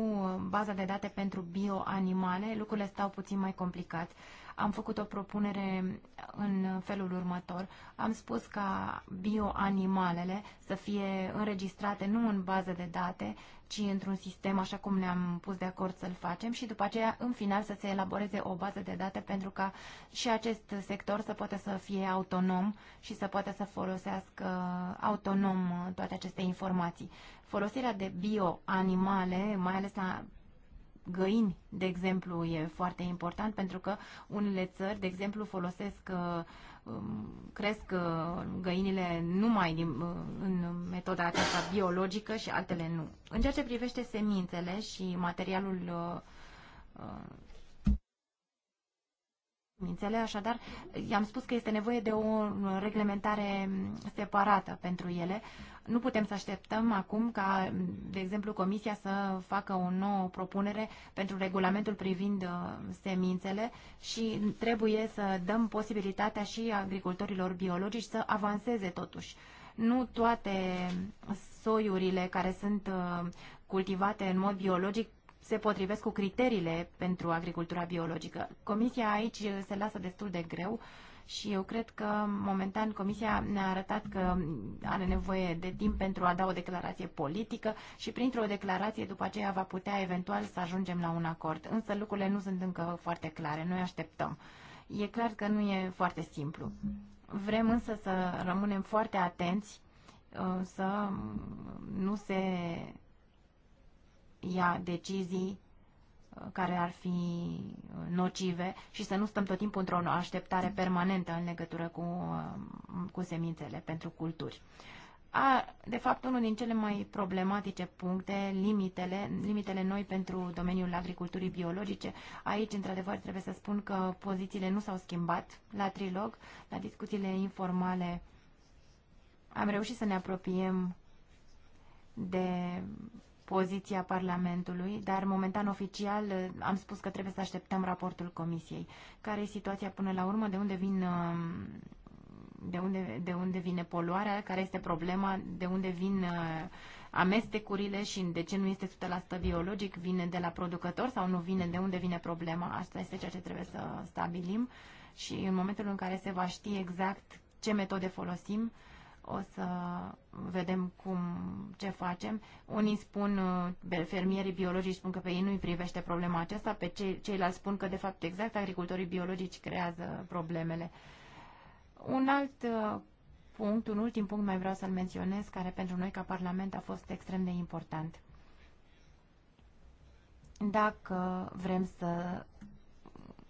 baza de date pentru bioanimale, lucrurile stau puțin mai complicat am făcut o propunere în felul următor. Am spus ca bioanimalele să fie înregistrate nu în bază de date, ci într-un sistem așa cum ne-am pus de acord să-l facem și după aceea, în final, să se elaboreze o bază de date pentru ca și acest sector să poată să fie autonom și să poată să folosească autonom toate aceste informații. Folosirea de bioanimale, mai ales la găini, de exemplu, e foarte important pentru că unele țări, de exemplu, folosesc, uh, um, cresc uh, găinile numai din, uh, în metoda aceasta biologică și altele nu. În ceea ce privește semințele și materialul Mințele, așadar, i-am spus că este nevoie de o reglementare separată pentru ele. Nu putem să așteptăm acum ca, de exemplu, Comisia să facă o nouă propunere pentru regulamentul privind uh, semințele și trebuie să dăm posibilitatea și agricultorilor biologici să avanseze totuși. Nu toate soiurile care sunt uh, cultivate în mod biologic se potrivesc cu criteriile pentru agricultura biologică. Comisia aici se lasă destul de greu și eu cred că momentan Comisia ne-a arătat că are nevoie de timp pentru a da o declarație politică și printr-o declarație după aceea va putea eventual să ajungem la un acord. Însă lucrurile nu sunt încă foarte clare, noi așteptăm. E clar că nu e foarte simplu. Vrem însă să rămânem foarte atenți, uh, să nu se ia decizii uh, care ar fi uh, nocive și să nu stăm tot timpul într-o așteptare permanentă în legătură cu, uh, cu semințele pentru culturi. A, de fapt, unul din cele mai problematice puncte, limitele, limitele noi pentru domeniul agriculturii biologice. Aici, într-adevăr, trebuie să spun că pozițiile nu s-au schimbat la trilog, la discuțiile informale am reușit să ne apropiem de poziția Parlamentului, dar momentan oficial eh, am spus că trebuie să așteptăm raportul Comisiei. Care e situația până la urmă? De unde vin eh, de unde, de unde vine poluarea, care este problema, de unde vin eh, amestecurile și de ce nu este 100% biologic, vine de la producător sau nu vine, de unde vine problema. Asta este ceea ce trebuie să stabilim și în momentul în care se va ști exact ce metode folosim, o să vedem cum, ce facem. Unii spun, uh, fermierii biologici spun că pe ei nu-i privește problema aceasta, pe cei, ceilalți spun că, de fapt, exact agricultorii biologici creează problemele. Un alt uh, punct, un ultim punct mai vreau să-l menționez, care pentru noi ca Parlament a fost extrem de important. Dacă vrem să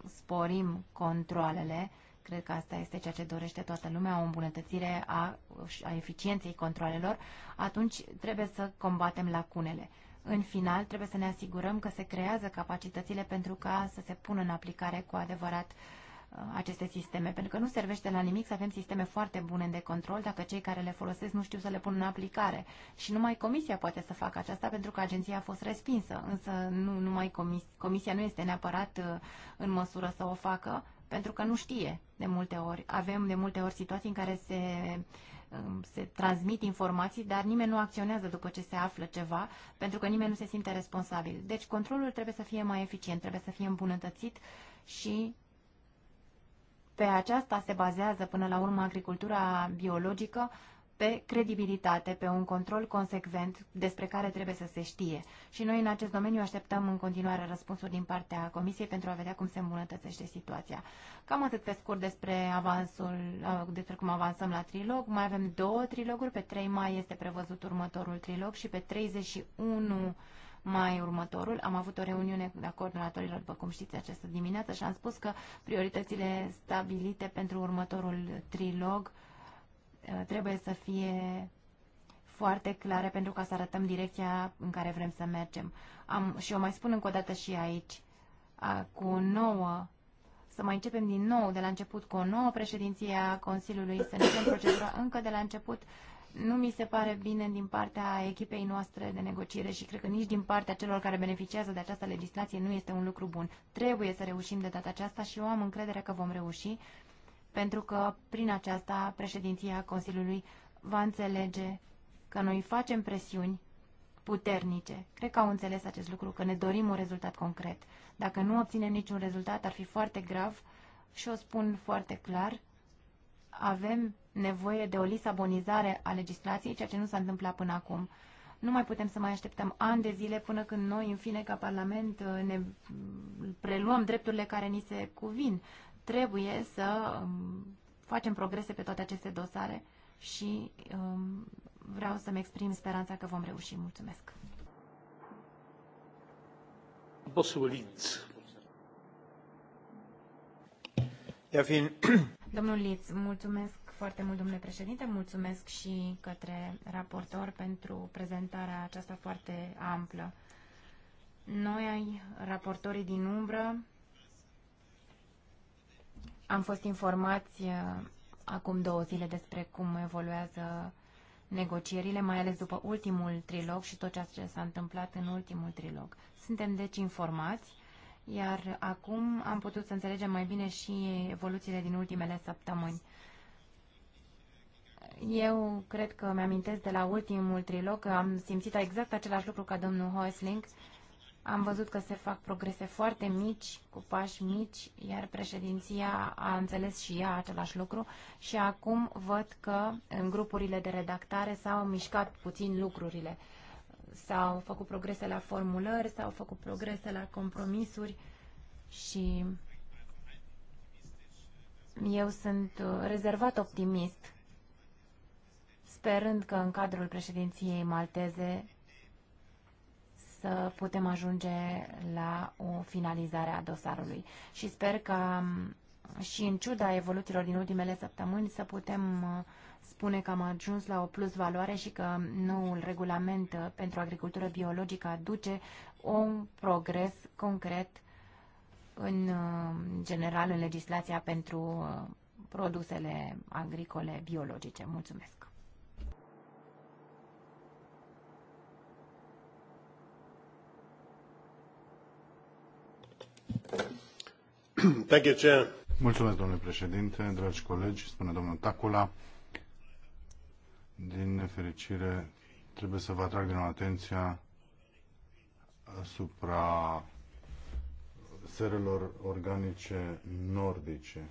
sporim controlele, uh, Cred că asta este ceea ce dorește toată lumea, o îmbunătățire a, a eficienței controlelor. Atunci trebuie să combatem lacunele. În final, trebuie să ne asigurăm că se creează capacitățile pentru ca să se pună în aplicare cu adevărat uh, aceste sisteme, pentru că nu servește la nimic să avem sisteme foarte bune de control dacă cei care le folosesc nu știu să le pună în aplicare. Și numai comisia poate să facă aceasta pentru că agenția a fost respinsă, însă nu, numai comis, comisia nu este neapărat uh, în măsură să o facă pentru că nu știe de multe ori. Avem de multe ori situații în care se, um, se transmit informații, dar nimeni nu acționează după ce se află ceva, pentru că nimeni nu se simte responsabil. Deci controlul trebuie să fie mai eficient, trebuie să fie îmbunătățit și pe aceasta se bazează până la urmă agricultura biologică, pe credibilitate, pe un control consecvent despre care trebuie să se știe. Și noi în acest domeniu așteptăm în continuare răspunsuri din partea Comisiei pentru a vedea cum se îmbunătățește situația. Cam atât pe scurt despre avansul, despre cum avansăm la trilog. Mai avem două triloguri, pe 3 mai este prevăzut următorul trilog și pe 31 mai următorul. Am avut o reuniune de coordonatorilor, după cum știți, această dimineață și am spus că prioritățile stabilite pentru următorul trilog uh, Uh, trebuie să fie foarte clare pentru ca să arătăm direcția în care vrem să mergem. Am, și o mai spun încă o dată și aici, a, uh, cu o nouă, să mai începem din nou de la început cu o nouă președinție a Consiliului, să începem procedura încă de la început, nu mi se pare bine din partea echipei noastre de negociere și cred că nici din partea celor care beneficiază de această legislație nu este un lucru bun. Trebuie să reușim de data aceasta și eu am încredere că vom reuși pentru că prin aceasta președinția Consiliului va înțelege că noi facem presiuni puternice. Cred că au înțeles acest lucru, că ne dorim un rezultat concret. Dacă nu obținem niciun rezultat, ar fi foarte grav și o spun foarte clar, avem nevoie de o lisabonizare a legislației, ceea ce nu s-a întâmplat până acum. Nu mai putem să mai așteptăm ani de zile până când noi, în fine, ca Parlament, ne preluăm drepturile care ni se cuvin. Trebuie să um, facem progrese pe toate aceste dosare și um, vreau să-mi exprim speranța că vom reuși. Mulțumesc! Domnul Liț, mulțumesc foarte mult, domnule președinte, mulțumesc și către raportor pentru prezentarea aceasta foarte amplă. Noi, ai raportorii din umbră, am fost informați uh, acum două zile despre cum evoluează negocierile, mai ales după ultimul trilog și tot ceea ce s-a întâmplat în ultimul trilog. Suntem deci informați, iar acum am putut să înțelegem mai bine și evoluțiile din ultimele săptămâni. Eu cred că mi-amintesc de la ultimul trilog că am simțit exact același lucru ca domnul Häusling, am văzut că se fac progrese foarte mici, cu pași mici, iar președinția a înțeles și ea același lucru și acum văd că în grupurile de redactare s-au mișcat puțin lucrurile. S-au făcut progrese la formulări, s-au făcut progrese la compromisuri și eu sunt uh, rezervat optimist, sperând că în cadrul președinției malteze să putem ajunge la o finalizare a dosarului. Și sper că um, și în ciuda evoluțiilor din ultimele săptămâni să putem uh, spune că am ajuns la o plus valoare și că noul regulament uh, pentru agricultură biologică aduce un progres concret în uh, general în legislația pentru produsele agricole biologice. Mulțumesc! Mulțumesc, domnule președinte, dragi colegi, spune domnul Tacula. Din nefericire, trebuie să vă atrag din atenția asupra serelor organice nordice.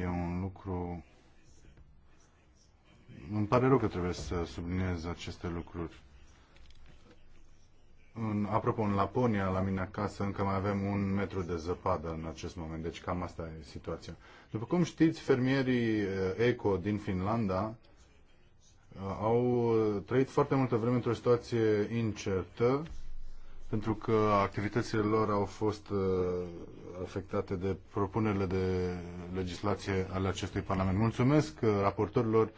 E un lucru... Îmi pare rău că trebuie să subliniez aceste lucruri. În, apropo, în Laponia, la mine acasă, încă mai avem un metru de zăpadă în acest moment, deci cam asta e situația. După cum știți, fermierii eh, eco din Finlanda eh, au eh, trăit foarte multă vreme într-o situație incertă, pentru că activitățile lor au fost afectate de propunerile de legislație ale acestui Parlament. Mulțumesc raportorilor,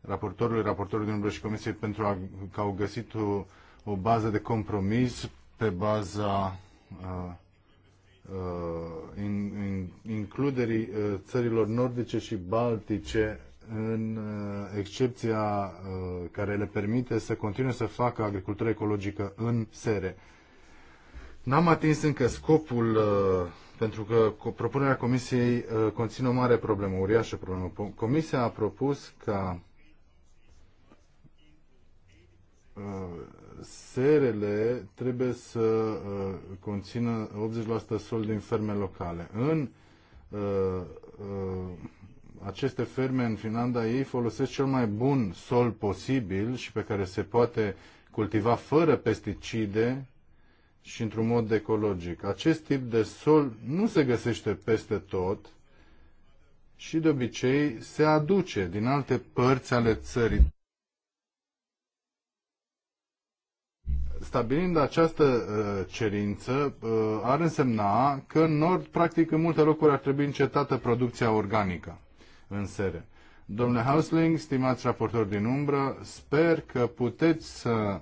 raportorului, raportorului din umbră și Comisiei pentru a, că au găsit o o bază de compromis pe baza uh, uh, in, in, includerii uh, țărilor nordice și baltice în uh, excepția uh, care le permite să continue să facă agricultură ecologică în sere. N-am atins încă scopul uh, pentru că propunerea Comisiei uh, conține o mare problemă, o uriașă problemă. Comisia a propus ca uh, serele trebuie să uh, conțină 80% sol din ferme locale. În uh, uh, aceste ferme în Finlanda, ei folosesc cel mai bun sol posibil și pe care se poate cultiva fără pesticide și într-un mod ecologic. Acest tip de sol nu se găsește peste tot și de obicei se aduce din alte părți ale țării. stabilind această uh, cerință uh, ar însemna că în nord, practic, în multe locuri ar trebui încetată producția organică în sere. Domnule Hausling, stimați raportori din umbră, sper că puteți să uh,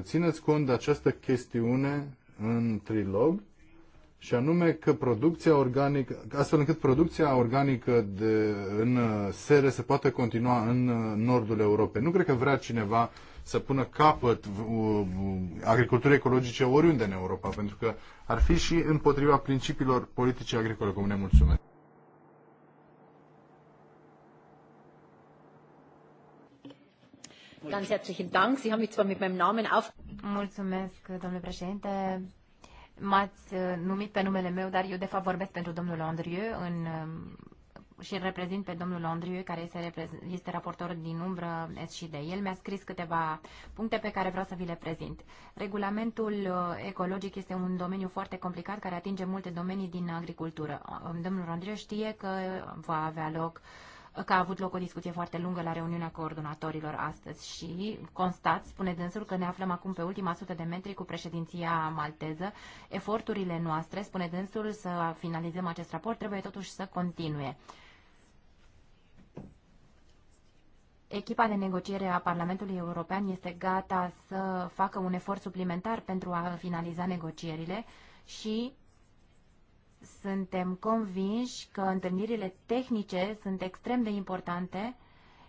țineți cont de această chestiune în trilog și anume că producția organică, astfel încât producția organică de, în sere se poate continua în nordul Europei. Nu cred că vrea cineva să pună capăt uh, uh, agriculturii ecologice oriunde în Europa, pentru că ar fi și împotriva principiilor politice agricole comune. Mulțumesc! Ganz herzlichen Dank. Sie haben mich zwar mit meinem Namen auf... Mulțumesc, domnule președinte. M-ați uh, numit pe numele meu, dar eu de fapt vorbesc pentru domnul Andrieu în um, și îl reprezint pe domnul Londriu, care este, este raportor din umbră SD. El mi-a scris câteva puncte pe care vreau să vi le prezint. Regulamentul uh, ecologic este un domeniu foarte complicat care atinge multe domenii din agricultură. Uh, domnul Londriu știe că va avea loc că a avut loc o discuție foarte lungă la reuniunea coordonatorilor astăzi și constat, spune dânsul, că ne aflăm acum pe ultima sută de metri cu președinția malteză. Eforturile noastre, spune dânsul, să finalizăm acest raport trebuie totuși să continue. echipa de negociere a Parlamentului European este gata să facă un efort suplimentar pentru a finaliza negocierile și suntem convinși că întâlnirile tehnice sunt extrem de importante,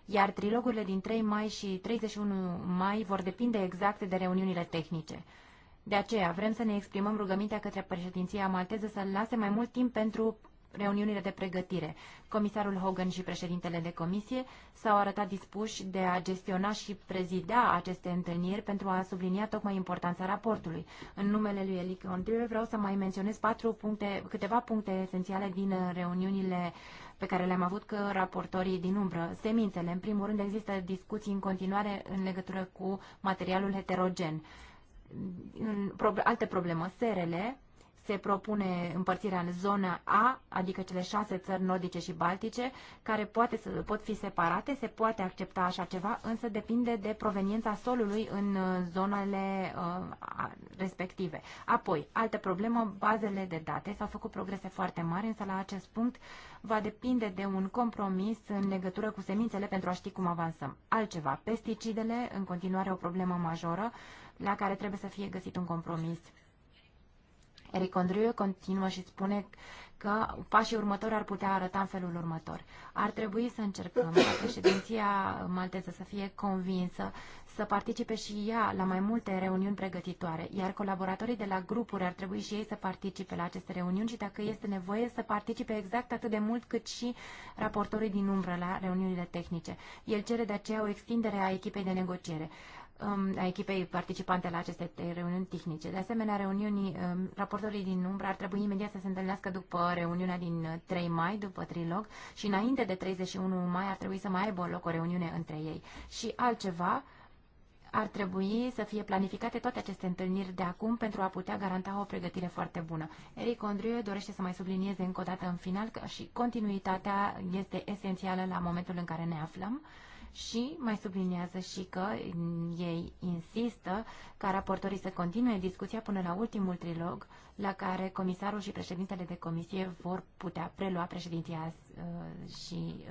iar trilogurile din 3 mai și 31 mai vor depinde exact de reuniunile tehnice. De aceea, vrem să ne exprimăm rugămintea către președinția malteză să lase mai mult timp pentru reuniunile de pregătire. Comisarul Hogan și președintele de comisie s-au arătat dispuși de a gestiona și prezida aceste întâlniri pentru a sublinia tocmai importanța raportului. În numele lui Elie Ondriu vreau să mai menționez patru puncte, câteva puncte esențiale din reuniunile pe care le-am avut că raportorii din umbră. Semințele, în primul rând, există discuții în continuare în legătură cu materialul heterogen. Alte problemă, serele, se propune împărțirea în zona A, adică cele șase țări nordice și baltice, care poate să, pot fi separate, se poate accepta așa ceva, însă depinde de proveniența solului în uh, zonele uh, respective. Apoi, altă problemă, bazele de date. S-au făcut progrese foarte mari, însă la acest punct va depinde de un compromis în legătură cu semințele pentru a ști cum avansăm. Altceva, pesticidele, în continuare o problemă majoră, la care trebuie să fie găsit un compromis Eric Andrieu continuă și spune că pașii următori ar putea arăta în felul următor. Ar trebui să încercăm ca președinția malteză să fie convinsă să participe și ea la mai multe reuniuni pregătitoare, iar colaboratorii de la grupuri ar trebui și ei să participe la aceste reuniuni și dacă este nevoie să participe exact atât de mult cât și raportorii din umbră la reuniunile tehnice. El cere de aceea o extindere a echipei de negociere. Um, a echipei participante la aceste reuniuni tehnice. De asemenea, reuniunii, um, raportorii din umbră ar trebui imediat să se întâlnească după reuniunea din 3 uh, mai, după trilog, și înainte de 31 mai ar trebui să mai aibă loc o reuniune între ei. Și altceva, ar trebui să fie planificate toate aceste întâlniri de acum pentru a putea garanta o pregătire foarte bună. Eric Andrieu dorește să mai sublinieze încă o dată în final că și continuitatea este esențială la momentul în care ne aflăm și mai subliniază și că ei insistă ca raportorii să continue discuția până la ultimul trilog la care comisarul și președintele de comisie vor putea prelua președinția uh, și uh,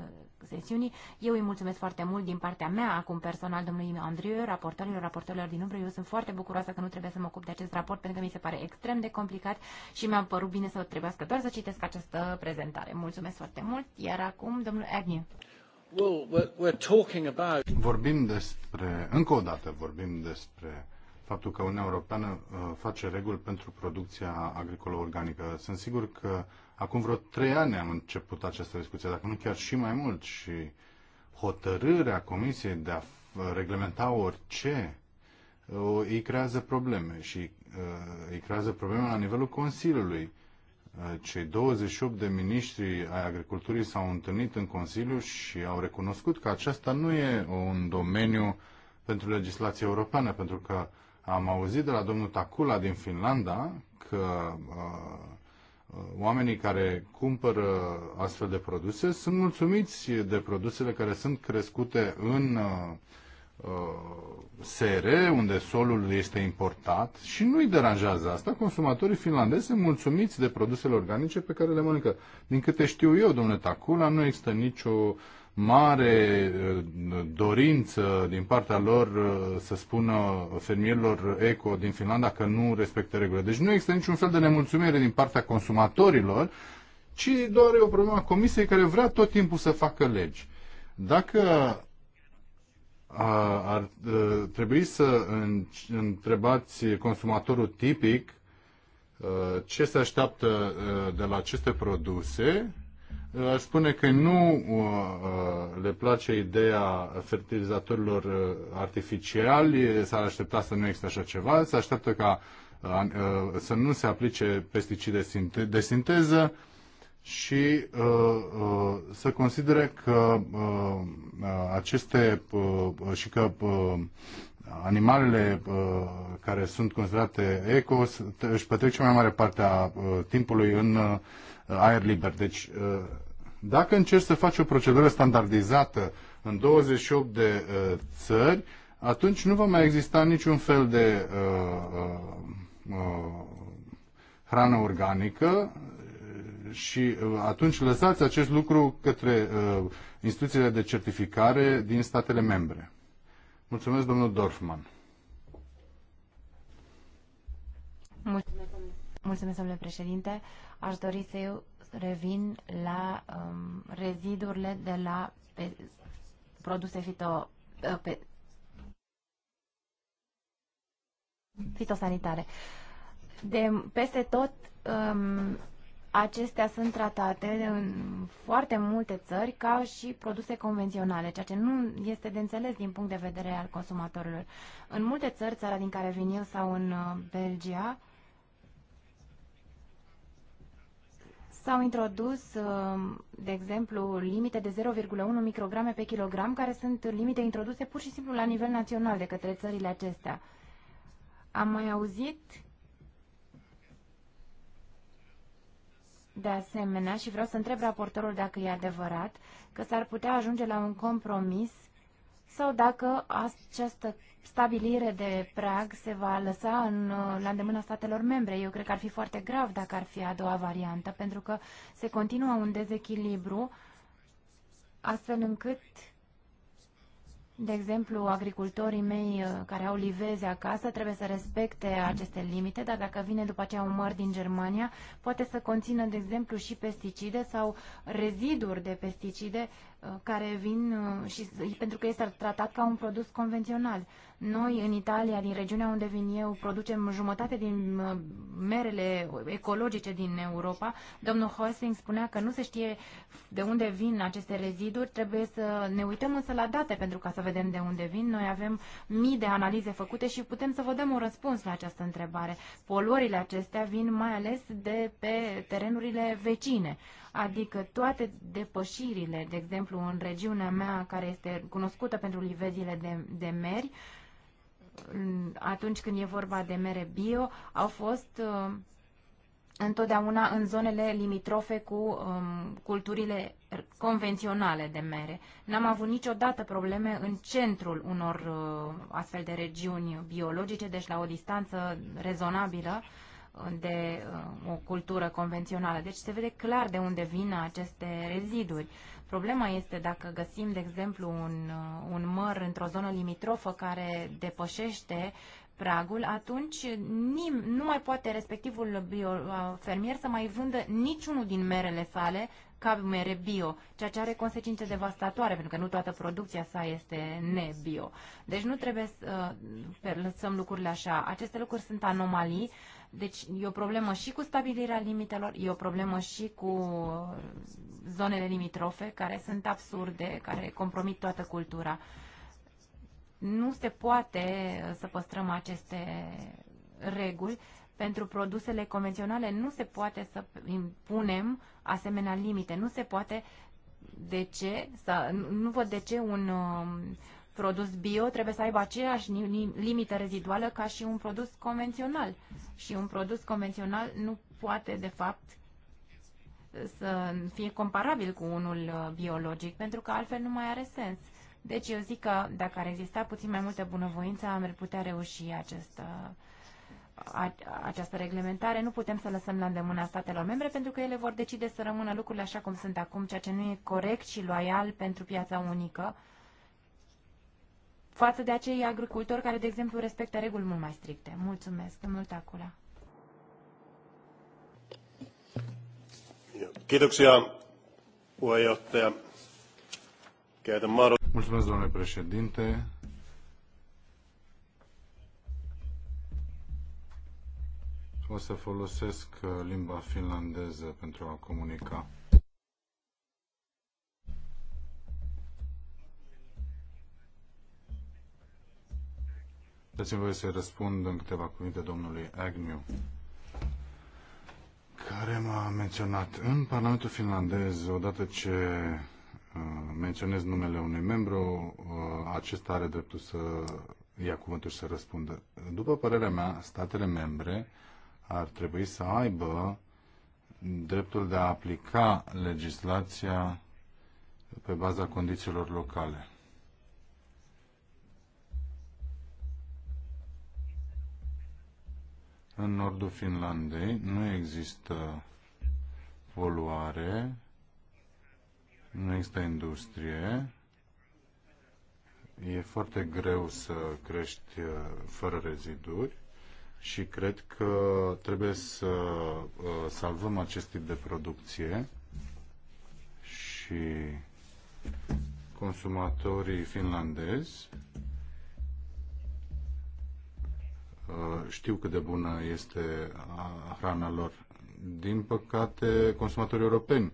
sesiunii. Eu îi mulțumesc foarte mult din partea mea, acum personal, domnului Andriu, raportorilor, raportorilor din umbră. Eu sunt foarte bucuroasă că nu trebuie să mă ocup de acest raport pentru că mi se pare extrem de complicat și mi-a părut bine să trebuiască doar să citesc această prezentare. Mulțumesc foarte mult, iar acum domnul Agnew. Vorbim despre, încă o dată vorbim despre faptul că Uniunea Europeană uh, face reguli pentru producția agricolă organică. Sunt sigur că acum vreo trei ani am început această discuție, dacă nu chiar și mai mult. Și hotărârea Comisiei de a uh, reglementa orice uh, îi creează probleme și îi creează probleme la nivelul Consiliului. Uh, cei 28 de miniștri ai agriculturii s-au întâlnit în Consiliu și au recunoscut că acesta nu e un domeniu pentru legislație europeană, pentru că am auzit de la domnul Takula din Finlanda că uh, oamenii care cumpără astfel de produse sunt mulțumiți de produsele care sunt crescute în uh, Uh, sere, unde solul este importat și nu-i deranjează asta. Consumatorii finlandezi sunt mulțumiți de produsele organice pe care le mănâncă. Din câte știu eu, domnule Tacula, nu există nicio mare uh, dorință din partea lor uh, să spună fermierilor eco din Finlanda că nu respectă regulile. Deci nu există niciun fel de nemulțumire din partea consumatorilor, ci doar e o problemă a comisiei care vrea tot timpul să facă legi. Dacă ar trebui să întrebați consumatorul tipic ce se așteaptă de la aceste produse. Aș spune că nu le place ideea fertilizatorilor artificiali, s-ar aștepta să nu există așa ceva, se așteaptă ca să nu se aplice pesticide de sinteză, și uh, uh, să considere că uh, uh, aceste uh, și că uh, animalele uh, care sunt considerate eco își petrec cea mai mare parte a uh, timpului în uh, aer liber. Deci, uh, dacă încerci să faci o procedură standardizată în 28 de uh, țări, atunci nu va mai exista niciun fel de uh, uh, uh, hrană organică și uh, atunci lăsați acest lucru către uh, instituțiile de certificare din statele membre. Mulțumesc, domnul Dorfman. Mulțumesc, Mulțumesc domnule președinte. Aș dori să eu revin la um, rezidurile de la pe, produse fito, uh, pe, fitosanitare. De peste tot um, acestea sunt tratate în foarte multe țări ca și produse convenționale, ceea ce nu este de înțeles din punct de vedere al consumatorilor. În multe țări, țara din care vin eu sau în uh, Belgia, s-au introdus, uh, de exemplu, limite de 0,1 micrograme pe kilogram, care sunt limite introduse pur și simplu la nivel național de către țările acestea. Am mai auzit de asemenea, și vreau să întreb raportorul dacă e adevărat, că s-ar putea ajunge la un compromis sau dacă această stabilire de prag se va lăsa în, la îndemâna statelor membre. Eu cred că ar fi foarte grav dacă ar fi a doua variantă, pentru că se continuă un dezechilibru astfel încât de exemplu, agricultorii mei uh, care au liveze acasă trebuie să respecte aceste limite, dar dacă vine după aceea un măr din Germania, poate să conțină, de exemplu, și pesticide sau reziduri de pesticide Uh, care vin uh, și pentru că este tratat ca un produs convențional. Noi, în Italia, din regiunea unde vin eu, producem jumătate din uh, merele ecologice din Europa. Domnul Hoisling spunea că nu se știe de unde vin aceste reziduri, trebuie să ne uităm însă la date pentru ca să vedem de unde vin. Noi avem mii de analize făcute și putem să vă dăm un răspuns la această întrebare. Poluările acestea vin mai ales de pe terenurile vecine adică toate depășirile, de exemplu în regiunea mea care este cunoscută pentru livezile de, de meri, atunci când e vorba de mere bio, au fost uh, întotdeauna în zonele limitrofe cu um, culturile convenționale de mere. N-am avut niciodată probleme în centrul unor uh, astfel de regiuni biologice, deci la o distanță rezonabilă uh, de uh, o cultură convențională. Deci se vede clar de unde vin aceste reziduri. Problema este dacă găsim, de exemplu, un, uh, un măr într-o zonă limitrofă care depășește pragul, atunci nim, nu mai poate respectivul bio, uh, fermier să mai vândă niciunul din merele sale ca mere bio, ceea ce are consecințe devastatoare, pentru că nu toată producția sa este nebio. Deci nu trebuie să lăsăm lucrurile așa. Aceste lucruri sunt anomalii uh, deci e o problemă și cu stabilirea limitelor, e o problemă și cu zonele limitrofe care sunt absurde, care compromit toată cultura. Nu se poate uh, să păstrăm aceste reguli pentru produsele convenționale nu se poate să impunem asemenea limite. Nu se poate de ce, să, nu văd de ce un um, produs bio trebuie să aibă aceeași limită reziduală ca și un produs convențional. Și un produs convențional nu poate, de fapt, să fie comparabil cu unul uh, biologic, pentru că altfel nu mai are sens. Deci eu zic că dacă ar exista puțin mai multă bunăvoință, am putea reuși această, a, această reglementare. Nu putem să lăsăm la îndemâna statelor membre, pentru că ele vor decide să rămână lucrurile așa cum sunt acum, ceea ce nu e corect și loial pentru piața unică față de acei agricultori care, de exemplu, respectă reguli mult mai stricte. Mulțumesc, domnul Tacula. Mulțumesc, domnule președinte. O să folosesc uh, limba finlandeză pentru a comunica. Dați-mi voie să răspund în câteva cuvinte domnului Agnew, care m-a menționat în Parlamentul finlandez, odată ce uh, menționez numele unui membru, uh, acesta are dreptul să ia cuvântul și să răspundă. După părerea mea, statele membre ar trebui să aibă dreptul de a aplica legislația pe baza condițiilor locale. În nordul Finlandei nu există poluare, nu există industrie, e foarte greu să crești uh, fără reziduri și cred că trebuie să uh, salvăm acest tip de producție și consumatorii finlandezi Uh, știu cât de bună este uh, hrana lor. Din păcate, consumatorii europeni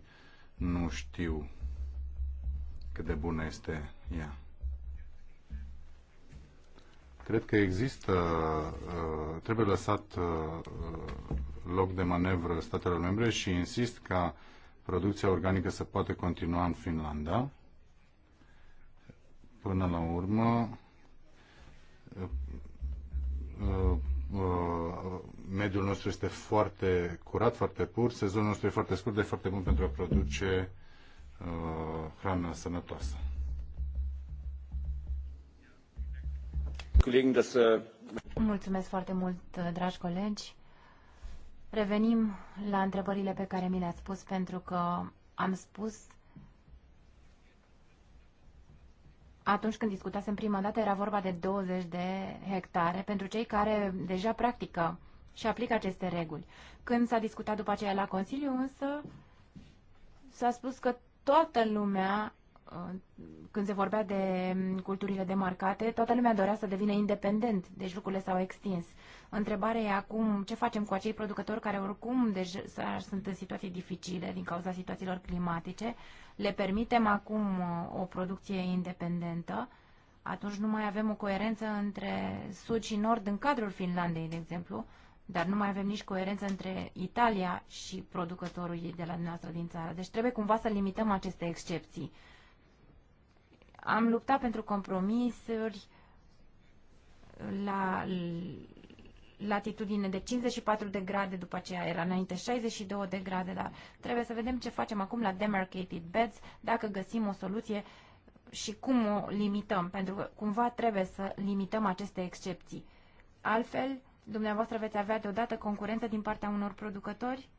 nu știu cât de bună este ea. Cred că există, uh, trebuie lăsat loc de manevră statelor membre și insist ca producția organică să poată continua în Finlanda. Până la urmă, Uh, uh, mediul nostru este foarte curat, foarte pur, sezonul nostru e foarte scurt, dar e foarte bun pentru a produce uh, hrană sănătoasă. Mulțumesc foarte mult, dragi colegi. Revenim la întrebările pe care mi le-ați spus pentru că am spus atunci când discutasem prima dată, era vorba de 20 de hectare pentru cei care deja practică și aplică aceste reguli. Când s-a discutat după aceea la Consiliu, însă, s-a spus că toată lumea, uh, când se vorbea de culturile demarcate, toată lumea dorea să devină independent, deci lucrurile s-au extins. Întrebarea e acum ce facem cu acei producători care oricum deja sunt în situații dificile din cauza situațiilor climatice. Le permitem acum uh, o producție independentă. Atunci nu mai avem o coerență între sud și nord în cadrul Finlandei, de exemplu, dar nu mai avem nici coerență între Italia și producătorul ei de la dumneavoastră din țară. Deci trebuie cumva să limităm aceste excepții. Am luptat pentru compromisuri la latitudine de 54 de grade, după aceea era înainte 62 de grade, dar trebuie să vedem ce facem acum la demarcated beds, dacă găsim o soluție și cum o limităm, pentru că cumva trebuie să limităm aceste excepții. Altfel, dumneavoastră veți avea deodată concurență din partea unor producători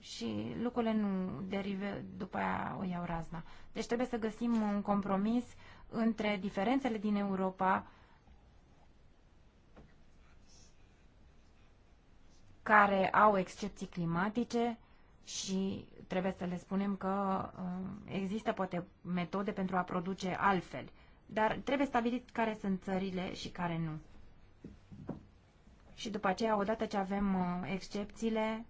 și lucrurile nu derive, după aia o iau razna. Deci trebuie să găsim un compromis între diferențele din Europa, care au excepții climatice și trebuie să le spunem că um, există poate metode pentru a produce altfel. Dar trebuie stabilit care sunt țările și care nu. Și după aceea, odată ce avem uh, excepțiile,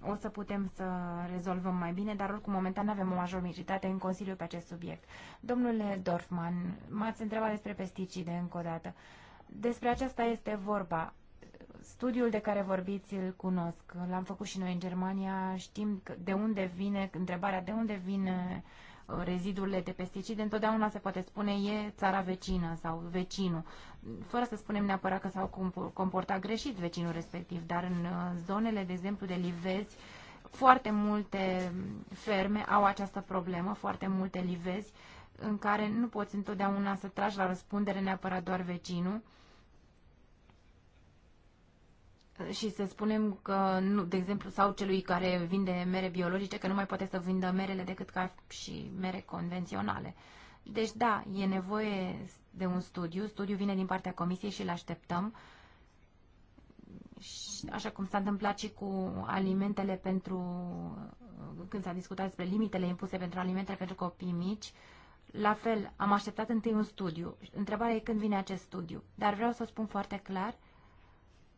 o să putem să rezolvăm mai bine, dar oricum momentan avem o majoritate în Consiliu pe acest subiect. Domnule Dorfman, m-ați întrebat despre pesticide încă o dată. Despre aceasta este vorba. Studiul de care vorbiți îl cunosc. L-am făcut și noi în Germania. Știm de unde vine, întrebarea de unde vin uh, rezidurile de pesticide, întotdeauna se poate spune e țara vecină sau vecinul, fără să spunem neapărat că s-au comportat greșit vecinul respectiv, dar în uh, zonele, de exemplu, de livezi, foarte multe ferme au această problemă, foarte multe livezi, în care nu poți întotdeauna să tragi la răspundere neapărat doar vecinul, și să spunem că, nu, de exemplu, sau celui care vinde mere biologice, că nu mai poate să vândă merele decât ca și mere convenționale. Deci, da, e nevoie de un studiu. Studiul vine din partea comisiei și îl așteptăm. Și, așa cum s-a întâmplat și cu alimentele pentru, când s-a discutat despre limitele impuse pentru alimentele pentru copii mici, la fel, am așteptat întâi un studiu. Întrebarea e când vine acest studiu. Dar vreau să spun foarte clar,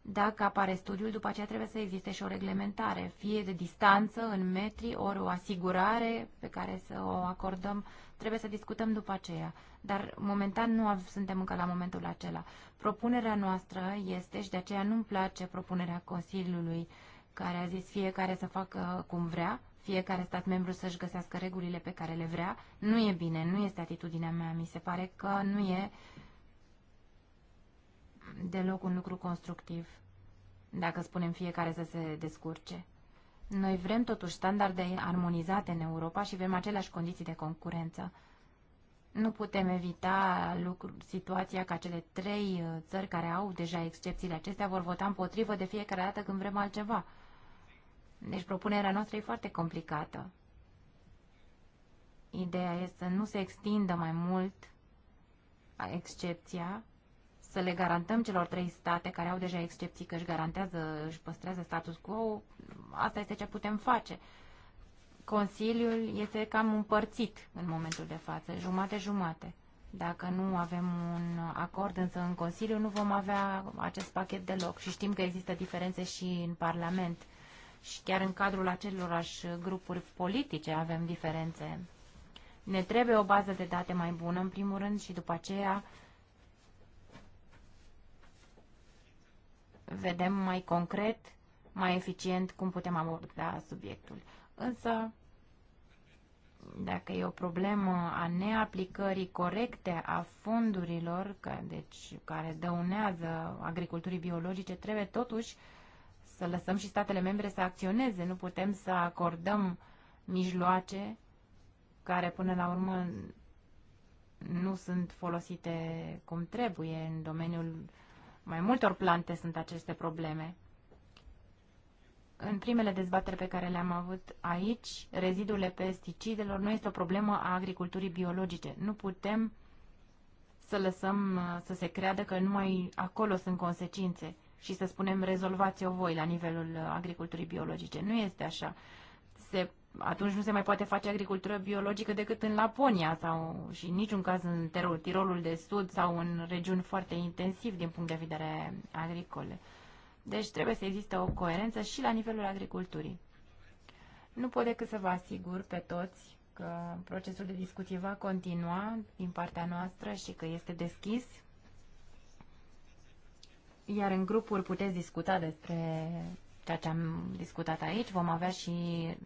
dacă apare studiul, după aceea trebuie să existe și o reglementare, fie de distanță în metri, ori o asigurare pe care să o acordăm, trebuie să discutăm după aceea. Dar momentan nu suntem încă la momentul acela. Propunerea noastră este, și de aceea nu-mi place propunerea Consiliului, care a zis fiecare să facă cum vrea, fiecare stat membru să-și găsească regulile pe care le vrea, nu e bine, nu este atitudinea mea. Mi se pare că nu e uh, deloc un lucru constructiv, dacă spunem fiecare să se descurce. Noi vrem totuși standarde armonizate în Europa și vrem aceleași condiții de concurență. Nu putem evita lucru, situația ca cele trei uh, țări care au deja excepțiile acestea vor vota împotrivă de fiecare dată când vrem altceva. Deci propunerea noastră e foarte complicată. Ideea este să nu se extindă mai mult excepția să le garantăm celor trei state care au deja excepții că își garantează, își păstrează status quo, asta este ce putem face. Consiliul este cam împărțit în momentul de față, jumate-jumate. Dacă nu avem un acord, însă în Consiliu nu vom avea acest pachet deloc și știm că există diferențe și în Parlament și chiar în cadrul acelorași grupuri politice avem diferențe. Ne trebuie o bază de date mai bună, în primul rând, și după aceea vedem mai concret, mai eficient cum putem aborda subiectul. Însă, dacă e o problemă a neaplicării corecte a fondurilor, că, deci, care dăunează agriculturii biologice, trebuie totuși să lăsăm și statele membre să acționeze. Nu putem să acordăm mijloace care până la urmă nu sunt folosite cum trebuie în domeniul uh, mai multor plante sunt aceste probleme. În primele dezbateri pe care le-am avut aici, rezidurile pesticidelor nu este o problemă a agriculturii biologice. Nu putem să lăsăm să se creadă că numai acolo sunt consecințe și să spunem rezolvați-o voi la nivelul agriculturii biologice. Nu este așa. Se atunci nu se mai poate face agricultură biologică decât în Laponia sau și în niciun caz în Tirolul de Sud sau în regiuni foarte intensiv din punct de vedere agricole. Deci trebuie să existe o coerență și la nivelul agriculturii. Nu pot decât să vă asigur pe toți că procesul de discuție va continua din partea noastră și că este deschis. Iar în grupuri puteți discuta despre ceea ce am discutat aici. Vom avea și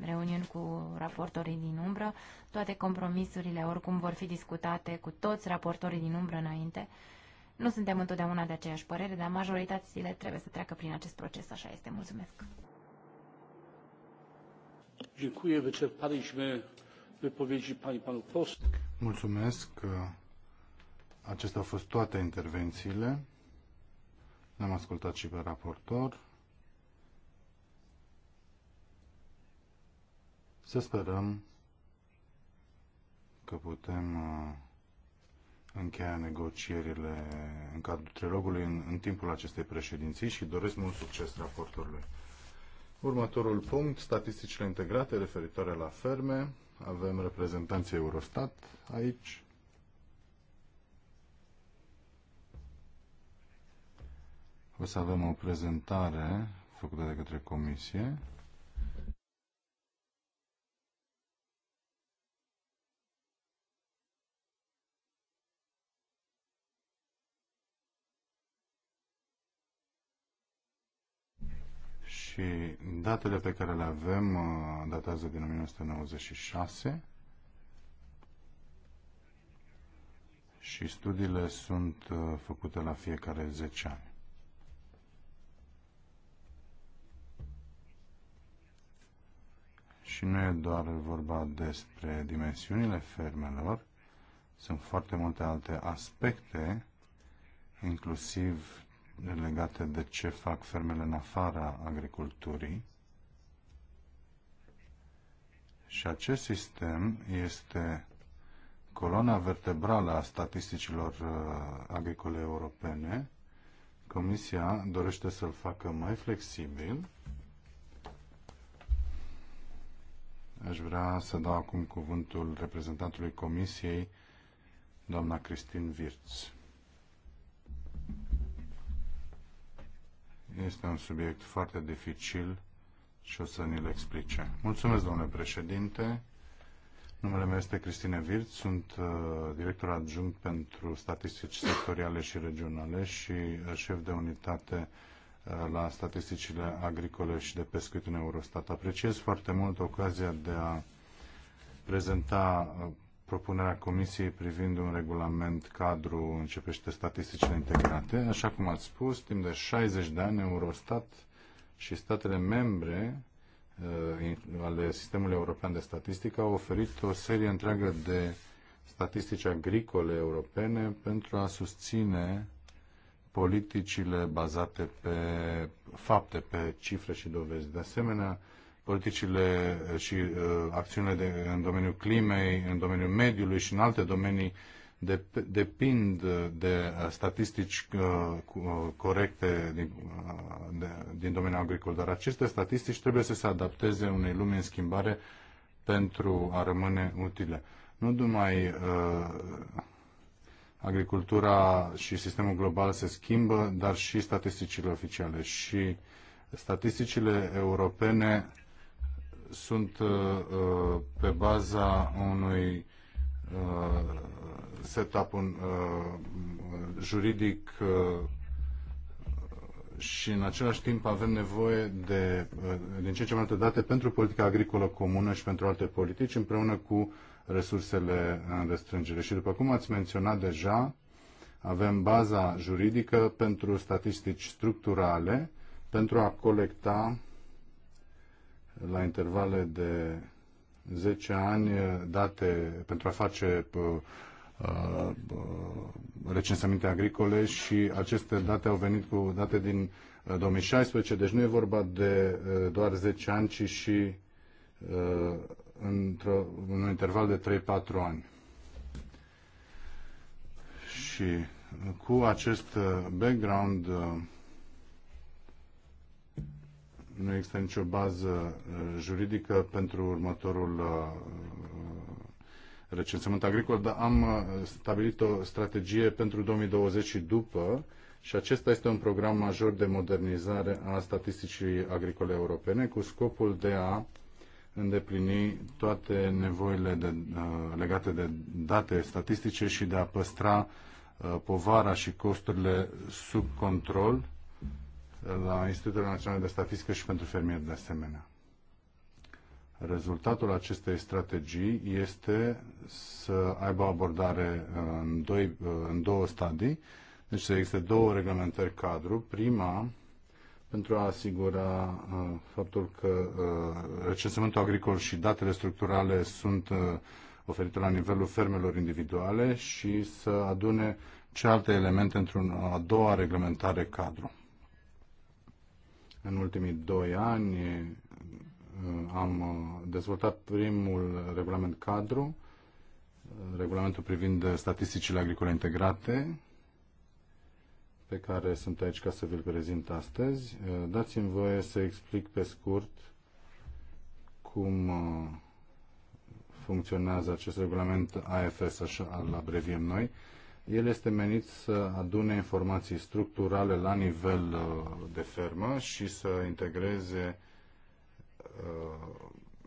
reuniuni cu raportorii din umbră. Toate compromisurile oricum vor fi discutate cu toți raportorii din umbră înainte. Nu suntem întotdeauna de aceeași părere, dar majoritățile trebuie să treacă prin acest proces. Așa este. Mulțumesc. Mulțumesc că Mulțumesc. Acestea au fost toate intervențiile. Ne-am ascultat și pe raportor. Să sperăm că putem uh, încheia negocierile în cadrul trilogului în, în timpul acestei președinții și doresc mult succes raporturile. Următorul punct, statisticile integrate referitoare la ferme. Avem reprezentanții Eurostat aici. O să avem o prezentare făcută de către comisie. și datele pe care le avem uh, datează din 1996 și studiile sunt uh, făcute la fiecare 10 ani. Și nu e doar vorba despre dimensiunile fermelor, sunt foarte multe alte aspecte, inclusiv legate de ce fac fermele în afara agriculturii. Și acest sistem este coloana vertebrală a statisticilor uh, agricole europene. Comisia dorește să-l facă mai flexibil. Aș vrea să dau acum cuvântul reprezentantului Comisiei, doamna Cristin Virț. Este un subiect foarte dificil și o să ne-l explice. Mulțumesc, domnule președinte. Numele meu este Cristine Virt, sunt uh, director adjunct pentru statistici sectoriale și regionale și uh, șef de unitate uh, la statisticile agricole și de pescuit în Eurostat. Apreciez foarte mult ocazia de a prezenta uh, propunerea Comisiei privind un regulament cadru începește statisticile integrate. Așa cum ați spus, timp de 60 de ani, Eurostat și statele membre uh, ale sistemului european de statistică au oferit o serie întreagă de statistici agricole europene pentru a susține politicile bazate pe fapte, pe cifre și dovezi. De asemenea, politicile eh, și uh, acțiunile de, în domeniul climei, în domeniul mediului și în alte domenii de, depind eh, de statistici uh, corecte din, uh, de, din domeniul agricol, dar aceste statistici trebuie să se adapteze unei lumi în schimbare pentru a rămâne utile. Nu numai uh, agricultura și sistemul global se schimbă, dar și statisticile oficiale. Și statisticile europene sunt uh, uh, pe baza unui uh, setup un, juridic și în același timp avem nevoie de din ce în ce mai multe date pentru politica agricolă comună și pentru alte politici împreună cu resursele în restrângere. Și după cum ați menționat deja, avem baza juridică pentru statistici structurale pentru a colecta la intervale de 10 ani eh, date pentru a face eh, eh, recensamente agricole și aceste date au venit cu date din 2016, deci nu e vorba de doar 10 ani, ci și uh, într-un interval de 3-4 ani. Și cu acest background nu există nicio bază uh, juridică pentru următorul uh, recensământ agricol, dar am uh, stabilit o strategie pentru 2020 și după și acesta este un program major de modernizare a statisticii agricole europene cu scopul de a îndeplini toate nevoile de, legate de date statistice și de a păstra povara și costurile sub control la Institutul Național de Statistică și pentru fermieri de asemenea. Rezultatul acestei strategii este să aibă abordare uh, în, doi, uh, în două stadii. Deci există două reglementări cadru. Prima, pentru a asigura uh, faptul că recensământul agricol și datele structurale sunt oferite la nivelul fermelor individuale și să adune ce alte elemente într-o a doua reglementare cadru în ultimii doi ani am uh, dezvoltat primul regulament cadru, uh, regulamentul privind statisticile agricole integrate, pe care sunt aici ca să vi-l prezint astăzi. Uh, dați-mi voie să explic pe scurt cum funcționează acest regulament AFS, așa îl abreviem noi. El este menit să adune informații structurale la nivel uh, de fermă și să integreze uh,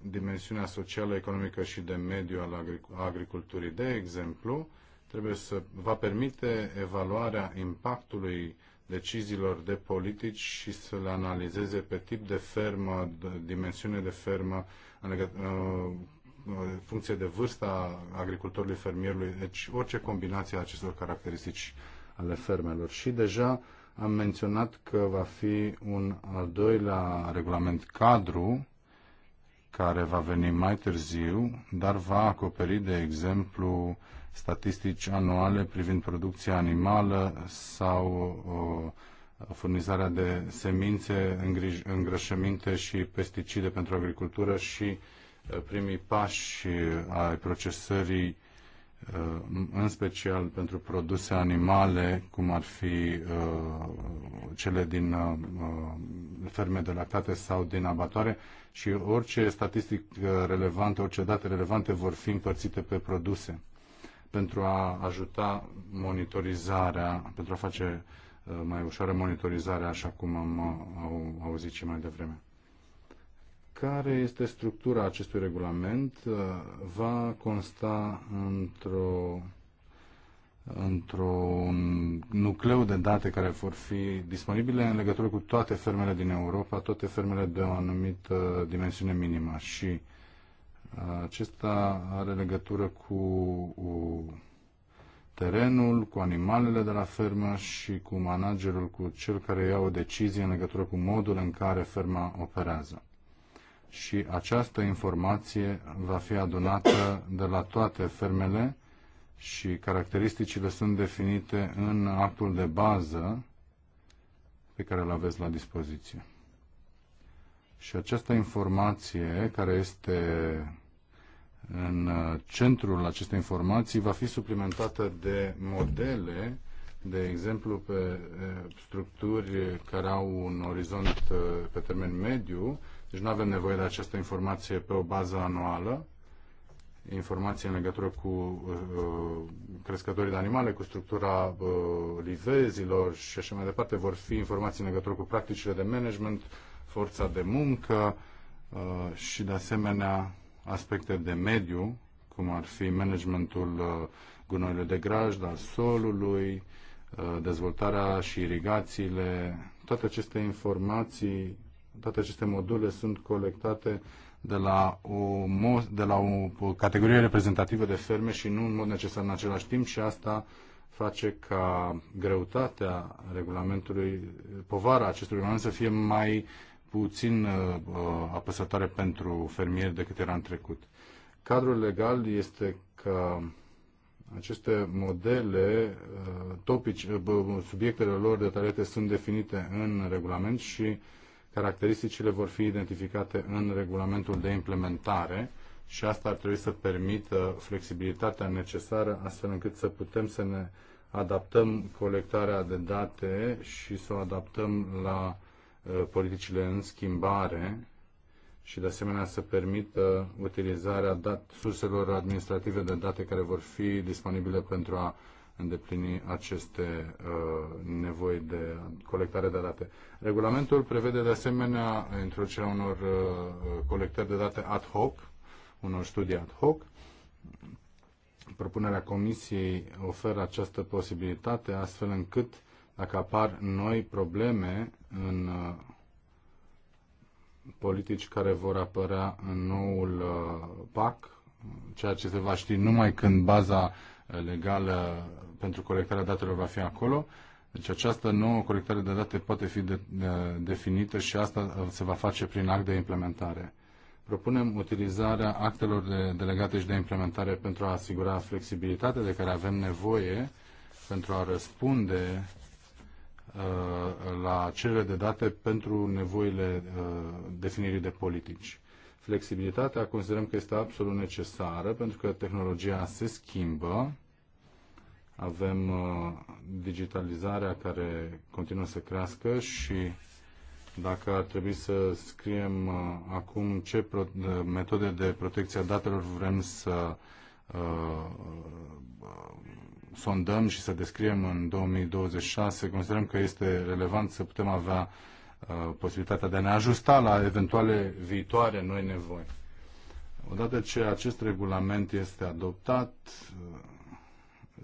dimensiunea socială, economică și de mediu al agriculturii. De exemplu, trebuie să va permite evaluarea impactului deciziilor de politici și să le analizeze pe tip de fermă, de dimensiune de fermă, în legătură, uh, în funcție de vârsta agricultorului, fermierului, deci orice combinație a acestor caracteristici ale fermelor. Și deja am menționat că va fi un al doilea regulament cadru care va veni mai târziu, dar va acoperi, de exemplu, statistici anuale privind producția animală sau o, uh, furnizarea de semințe, îngrășăminte și pesticide pentru agricultură și primii pași ai procesării, uh, în special pentru produse animale, cum ar fi uh, cele din uh, ferme de lactate sau din abatoare și orice statistic relevant, orice date relevante vor fi împărțite pe produse pentru a ajuta monitorizarea, pentru a face mai ușoară monitorizarea, așa cum am auzit și mai devreme. Care este structura acestui regulament? Uh, va consta într-o într-un nucleu de date care vor fi disponibile în legătură cu toate fermele din Europa, toate fermele de o anumită dimensiune minimă și uh, acesta are legătură cu terenul, cu animalele de la fermă și cu managerul, cu cel care ia o decizie în legătură cu modul în care ferma operează și această informație va fi adunată de la toate fermele și caracteristicile sunt definite în actul de bază pe care îl aveți la dispoziție. Și această informație care este în centrul acestei informații va fi suplimentată de modele, de exemplu pe eh, structuri care au un orizont eh, pe termen mediu deci nu avem nevoie de această informație pe o bază anuală, informație în legătură cu uh, crescătorii de animale, cu structura uh, livezilor și așa mai departe. Vor fi informații în legătură cu practicile de management, forța de muncă uh, și, de asemenea, aspecte de mediu, cum ar fi managementul uh, gunoiului de grajd, al solului, uh, dezvoltarea și irigațiile. Toate aceste informații toate aceste module sunt colectate de la, o, de la o categorie reprezentativă de ferme și nu în mod necesar în același timp și asta face ca greutatea regulamentului, povara acestui regulament să fie mai puțin uh, uh apăsătoare pentru fermieri decât era în trecut. Cadrul legal este că aceste modele, uh, topici, uh, subiectele lor detaliate sunt definite în regulament și Caracteristicile vor fi identificate în regulamentul de implementare și asta ar trebui să permită flexibilitatea necesară astfel încât să putem să ne adaptăm colectarea de date și să o adaptăm la uh, politicile în schimbare și de asemenea să permită utilizarea dat, surselor administrative de date care vor fi disponibile pentru a îndeplini aceste uh, nevoi de colectare de date. Regulamentul prevede de asemenea introducerea unor uh, colectări de date ad hoc, unor studii ad hoc. Propunerea Comisiei oferă această posibilitate astfel încât dacă apar noi probleme în uh, politici care vor apărea în noul uh, PAC, ceea ce se va ști numai când baza legală pentru colectarea datelor va fi acolo. Deci această nouă colectare de date poate fi de, de, definită și asta se va face prin act de implementare. Propunem utilizarea actelor de, delegate și de implementare pentru a asigura flexibilitatea de care avem nevoie pentru a răspunde uh, la cerere de date pentru nevoile uh, definirii de politici. Flexibilitatea considerăm că este absolut necesară pentru că tehnologia se schimbă avem uh, digitalizarea care continuă să crească și dacă ar trebui să scriem uh, acum ce uh, metode de protecție a datelor vrem să sondăm și să descriem în 2026, considerăm că este relevant să putem avea posibilitatea de a ne ajusta la eventuale viitoare noi nevoi. Odată ce acest regulament este adoptat,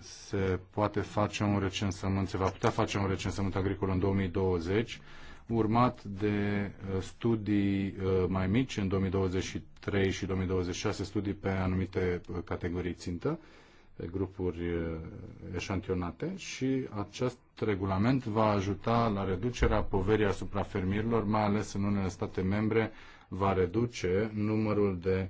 se poate face un recensământ, se va putea face un recensământ agricol în 2020, urmat de uh, studii uh, mai mici în 2023 și 2026, studii pe anumite uh, categorii țintă, grupuri eșantionate și acest regulament va ajuta la reducerea poverii asupra fermierilor, mai ales în unele state membre, va reduce numărul de uh,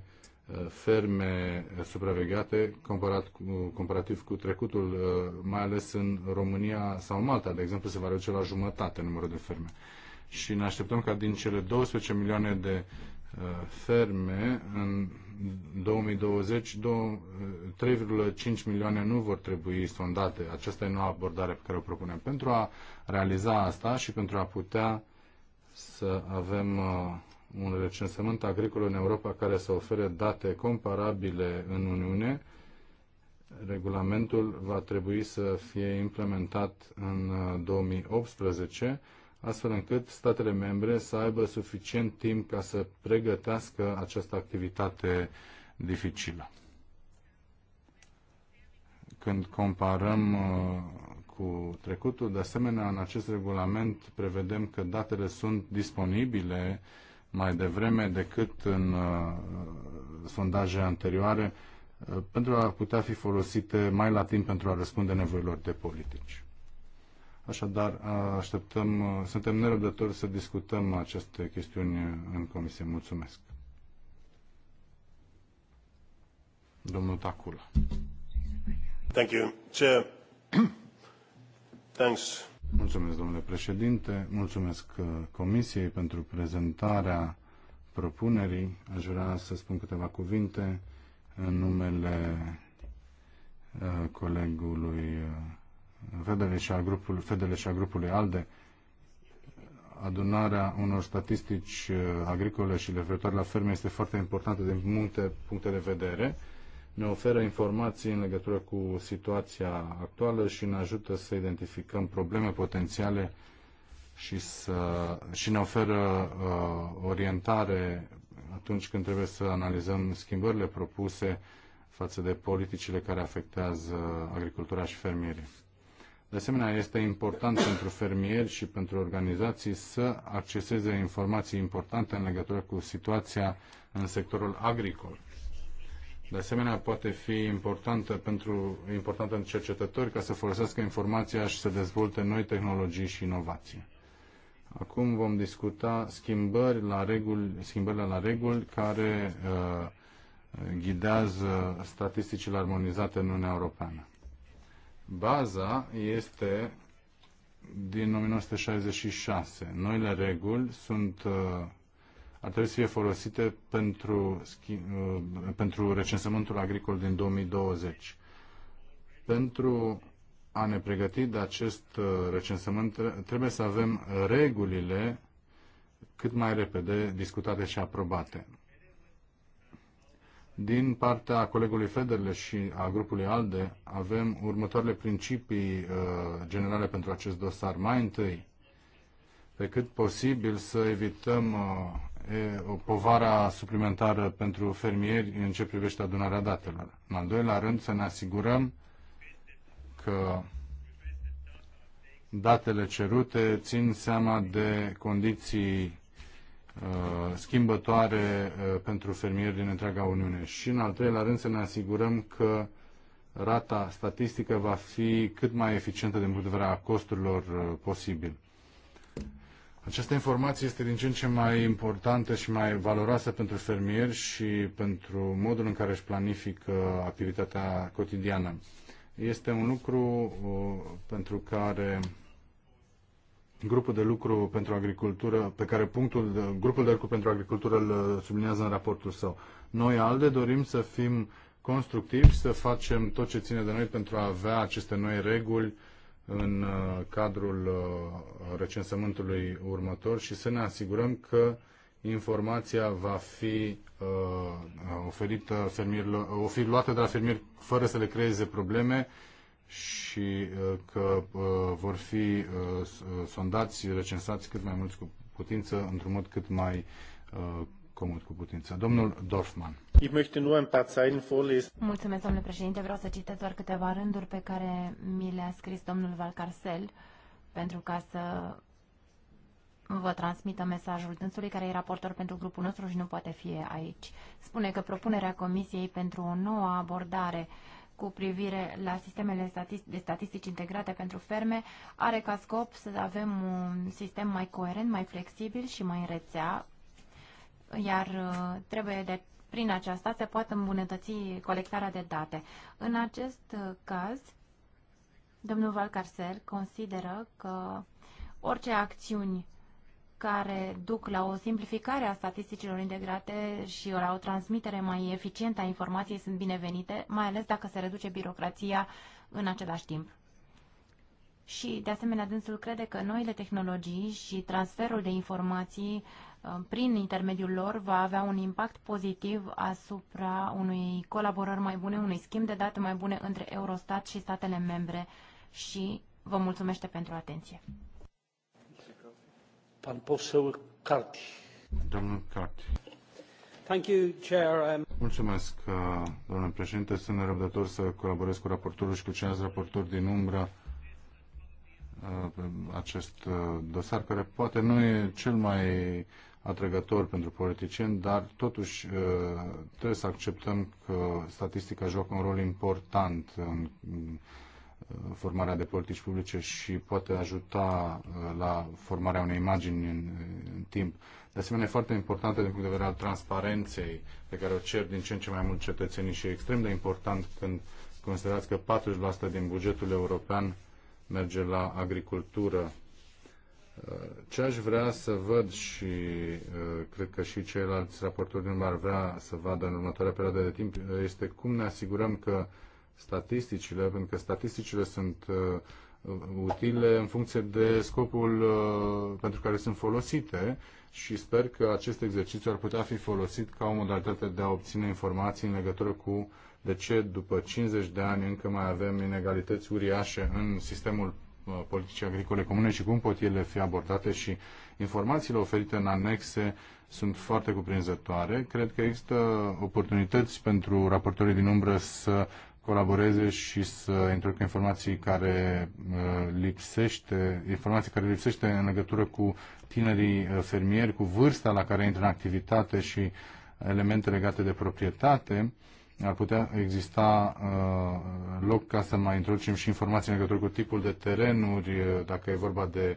ferme supravegheate comparat cu, comparativ cu trecutul, uh, mai ales în România sau Malta, de exemplu, se va reduce la jumătate numărul de ferme. Și ne așteptăm ca din cele 12 milioane de uh, ferme în 2020 3,5 milioane nu vor trebui sondate. Aceasta e noua abordare pe care o propunem. Pentru a realiza asta și pentru a putea să avem uh, un recensământ agricol în Europa care să ofere date comparabile în Uniune, regulamentul va trebui să fie implementat în 2018, uh, astfel încât statele membre să aibă suficient timp ca să pregătească această activitate dificilă. Când comparăm uh, cu trecutul, de asemenea, în acest regulament prevedem că datele sunt disponibile uh, mai devreme decât în uh, sondaje anterioare uh, pentru a putea fi folosite mai la timp pentru a răspunde nevoilor de politici. Așadar, așteptăm, suntem nerăbdători să discutăm aceste chestiuni în comisie. Mulțumesc. Domnul Tacula. Thank you. Chair, thanks Mulțumesc, domnule președinte. Mulțumesc uh, Comisiei pentru prezentarea propunerii. Aș vrea să spun câteva cuvinte în numele uh, colegului uh, Fedele și a, grupului Fedele și a grupului ALDE. Adunarea unor statistici agricole și referitoare la ferme este foarte importantă din multe puncte de vedere ne oferă informații în legătură cu situația actuală și ne ajută să identificăm probleme potențiale și, să, și ne oferă uh, orientare atunci când trebuie să analizăm schimbările propuse față de politicile care afectează agricultura și fermierii. De asemenea, este important pentru fermieri și pentru organizații să acceseze informații importante în legătură cu situația în sectorul agricol. De asemenea, poate fi importantă pentru, importantă pentru cercetători ca să folosească informația și să dezvolte noi tehnologii și inovații. Acum vom discuta schimbări la reguli, schimbările la reguli care uh, ghidează statisticile armonizate în Uniunea Europeană. Baza este din 1966. Noile reguli sunt uh, ar trebui să fie folosite pentru, uh, pentru recensământul agricol din 2020. Pentru a ne pregăti de acest uh, recensământ, trebuie să avem regulile cât mai repede discutate și aprobate. Din partea colegului Federle și a grupului ALDE avem următoarele principii uh, generale pentru acest dosar. Mai întâi, pe cât posibil să evităm povara suplimentară pentru fermieri în ce privește adunarea datelor. În al doilea rând, să ne asigurăm că datele cerute țin seama de condiții uh, schimbătoare uh, pentru fermieri din întreaga Uniune. Și în al treilea rând să ne asigurăm că rata statistică va fi cât mai eficientă din punct de vedere a costurilor uh, posibil. Această informație este din ce în ce mai importantă și mai valoroasă pentru fermieri și pentru modul în care își planifică activitatea cotidiană. Este un lucru uh, pentru care grupul de lucru pentru agricultură, pe care punctul de, grupul de lucru pentru agricultură îl uh, sublinează în raportul său. Noi, ALDE, dorim să fim constructivi, să facem tot ce ține de noi pentru a avea aceste noi reguli în uh, cadrul uh, recensământului următor și să ne asigurăm că informația va fi uh, oferită fermierilor, o fi luată de la fermieri fără să le creeze probleme și că vor fi sondați, recensați cât mai mulți cu putință într-un mod cât mai comod cu putință. Domnul Dorfman. Mulțumesc, domnule președinte. Vreau să citesc doar câteva rânduri pe care mi le-a scris domnul Valcarcel pentru ca să vă transmită mesajul dânsului, care e raportor pentru grupul nostru și nu poate fi aici. Spune că propunerea Comisiei pentru o nouă abordare cu privire la sistemele de statistici integrate pentru ferme are ca scop să avem un sistem mai coerent, mai flexibil și mai în rețea iar uh, trebuie de, prin aceasta se poate îmbunătăți colectarea de date. În acest uh, caz, domnul Valcarcel consideră că orice acțiuni care duc la o simplificare a statisticilor integrate și la o transmitere mai eficientă a informației sunt binevenite, mai ales dacă se reduce birocrația în același timp și, de asemenea, dânsul crede că noile tehnologii și transferul de informații uh, prin intermediul lor va avea un impact pozitiv asupra unei colaborări mai bune, unui schimb de date mai bune între Eurostat și statele membre și vă mulțumește pentru atenție. Pan poseł Carti. Domnul Carti. Thank you, Chair. Um, Mulțumesc, uh, domnule președinte. Sunt nerăbdător să colaborez cu raportorul și cu ceilalți raportori din umbră Uh, acest uh, dosar, care poate nu e cel mai atrăgător pentru politicieni, dar totuși uh, trebuie să acceptăm că statistica joacă un rol important în formarea de politici publice și poate ajuta la formarea unei imagini în, în timp. De asemenea, foarte importantă din punct de vedere al transparenței pe care o cer din ce în ce mai mult cetățenii și e extrem de important când considerați că 40% din bugetul european merge la agricultură. Uh, ce aș vrea să văd și uh, cred că și ceilalți raportori din ar vrea să vadă în următoarea perioadă de timp uh, este cum ne asigurăm că statisticile, pentru că statisticile sunt utile în funcție de scopul pentru care sunt folosite și sper că acest exercițiu ar putea fi folosit ca o modalitate de a obține informații în legătură cu de ce după 50 de ani încă mai avem inegalități uriașe în sistemul uh, politicii agricole comune și cum pot ele fi abordate și informațiile oferite în anexe sunt foarte cuprinzătoare. Cred că există oportunități pentru raportorii din umbră să colaboreze și să introducă informații care uh, lipsește, informații care lipsește în legătură cu tinerii uh, fermieri, cu vârsta la care intră în activitate și elemente legate de proprietate ar putea exista uh, loc ca să mai introducem și informații legătură cu tipul de terenuri, uh, dacă e vorba de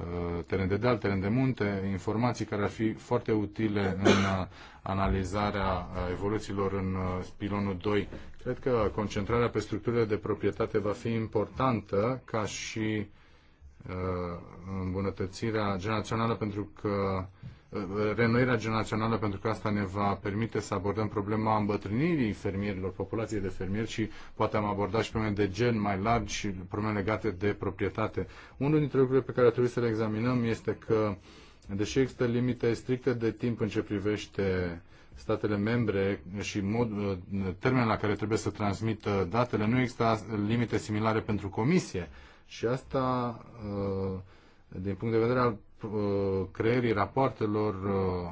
uh, teren de deal, teren de munte, informații care ar fi foarte utile în uh, analizarea uh, evoluțiilor în uh, pilonul 2. Cred că concentrarea pe structurile de proprietate va fi importantă ca și îmbunătățirea generațională pentru că renoirea generațională, pentru că asta ne va permite să abordăm problema îmbătrânirii fermierilor, populației de fermieri și poate am abordat și probleme de gen mai largi și probleme legate de proprietate. Unul dintre lucrurile pe care trebuie să le examinăm este că, deși există limite stricte de timp în ce privește statele membre și mod, termenul la care trebuie să transmită datele, nu există limite similare pentru comisie. Și asta, uh, din punct de vedere al Uh, creierii rapoartelor uh,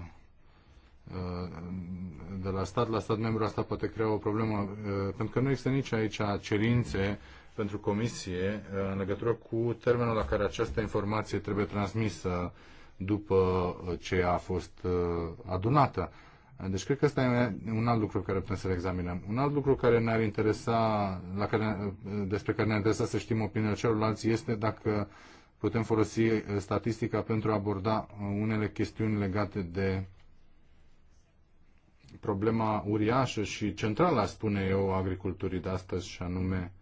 uh, de la stat la stat membru, asta poate crea o problemă, pentru că nu există nici aici cerințe pentru comisie în legătură cu termenul la care această informație trebuie transmisă după ce a fost adunată. Deci cred că ăsta e un alt lucru care putem să-l examinăm. Un alt lucru care ne-ar interesa, la care, despre care ne-ar interesa să știm opinia celorlalți este dacă putem folosi eh, statistica pentru a aborda eh, unele chestiuni legate de problema uriașă și centrală, spune eu, agriculturii de astăzi, și anume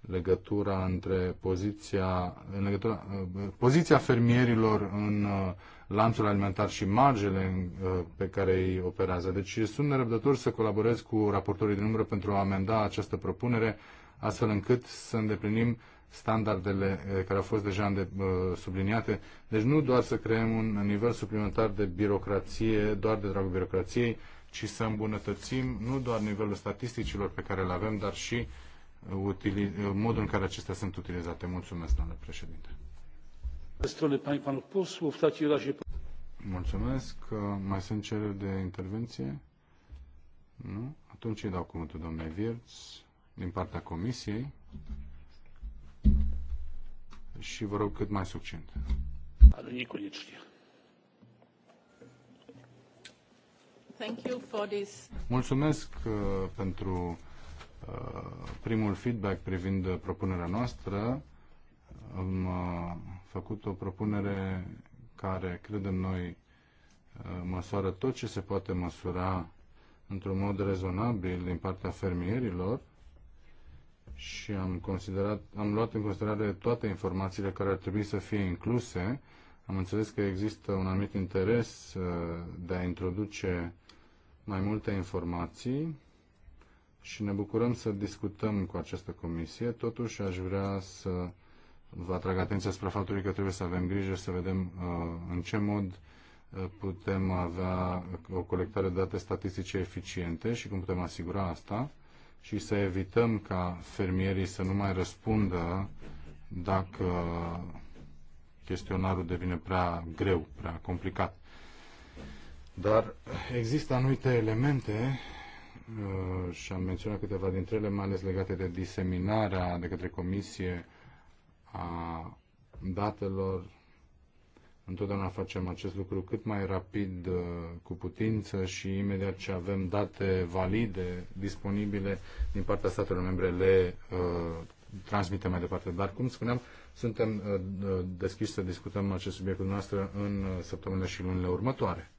legătura între poziția, în legătura, eh, poziția fermierilor în lanțul alimentar și marjele pe care îi operează. Deci sunt nerăbdător să colaborez cu raportorii de număr pentru a amenda această propunere, astfel încât să îndeplinim standardele eh, care au fost deja eh, subliniate. Deci nu doar să creăm un nivel suplimentar de birocrație, doar de dragul birocrației, ci să îmbunătățim nu doar nivelul statisticilor pe care le avem, dar și eh, modul în care acestea sunt utilizate. Mulțumesc, domnule președinte. Mulțumesc. Mai sunt cereri de intervenție? Nu? Atunci îi dau cuvântul domnului Virț din partea Comisiei și vă rog cât mai succint. Mulțumesc uh, pentru uh, primul feedback privind propunerea noastră. Am uh, făcut o propunere care, credem noi, uh, măsoară tot ce se poate măsura într-un mod rezonabil din partea fermierilor și am, considerat, am luat în considerare toate informațiile care ar trebui să fie incluse. Am înțeles că există un anumit interes uh, de a introduce mai multe informații și ne bucurăm să discutăm cu această comisie. Totuși, aș vrea să vă atrag atenția spre faptul că trebuie să avem grijă să vedem uh, în ce mod uh, putem avea o colectare de date statistice eficiente și cum putem asigura asta și să evităm ca fermierii să nu mai răspundă dacă chestionarul devine prea greu, prea complicat. Dar există anumite elemente uh, și am menționat câteva dintre ele, mai ales legate de diseminarea de către comisie a datelor Întotdeauna facem acest lucru cât mai rapid uh, cu putință și imediat ce avem date valide, disponibile din partea statelor membre, le uh, transmitem mai departe. Dar, cum spuneam, suntem uh, uh deschiși să discutăm acest subiect cu dumneavoastră în uh, săptămânile și lunile următoare.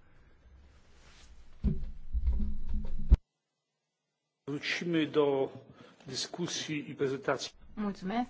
Wrócimy do discuții, i Mulțumesc.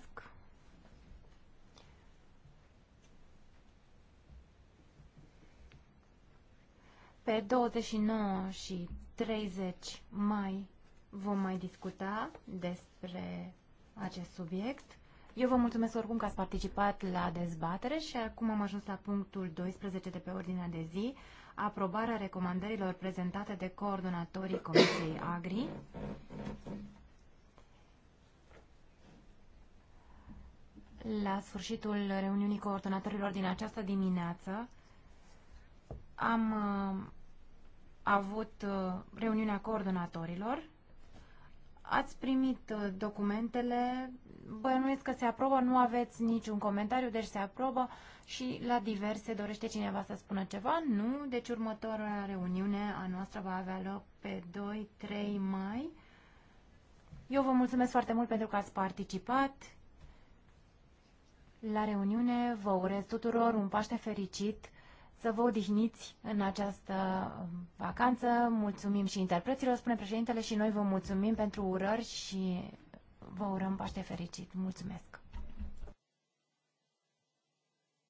Pe 29 și 30 mai vom mai discuta despre acest subiect. Eu vă mulțumesc oricum că ați participat la dezbatere și acum am ajuns la punctul 12 de pe ordinea de zi, aprobarea recomandărilor prezentate de coordonatorii Comisiei Agri. La sfârșitul reuniunii coordonatorilor din această dimineață, am uh, avut uh, reuniunea coordonatorilor. Ați primit uh, documentele, bănuiesc că se aprobă, nu aveți niciun comentariu, deci se aprobă și la diverse dorește cineva să spună ceva? Nu, deci următoarea reuniune a noastră va avea loc pe 2-3 mai. Eu vă mulțumesc foarte mult pentru că ați participat la reuniune. Vă urez tuturor un Paște fericit să vă odihniți în această vacanță. Mulțumim și interpreților, spune președintele, și noi vă mulțumim pentru urări și vă urăm Paște fericit. Mulțumesc!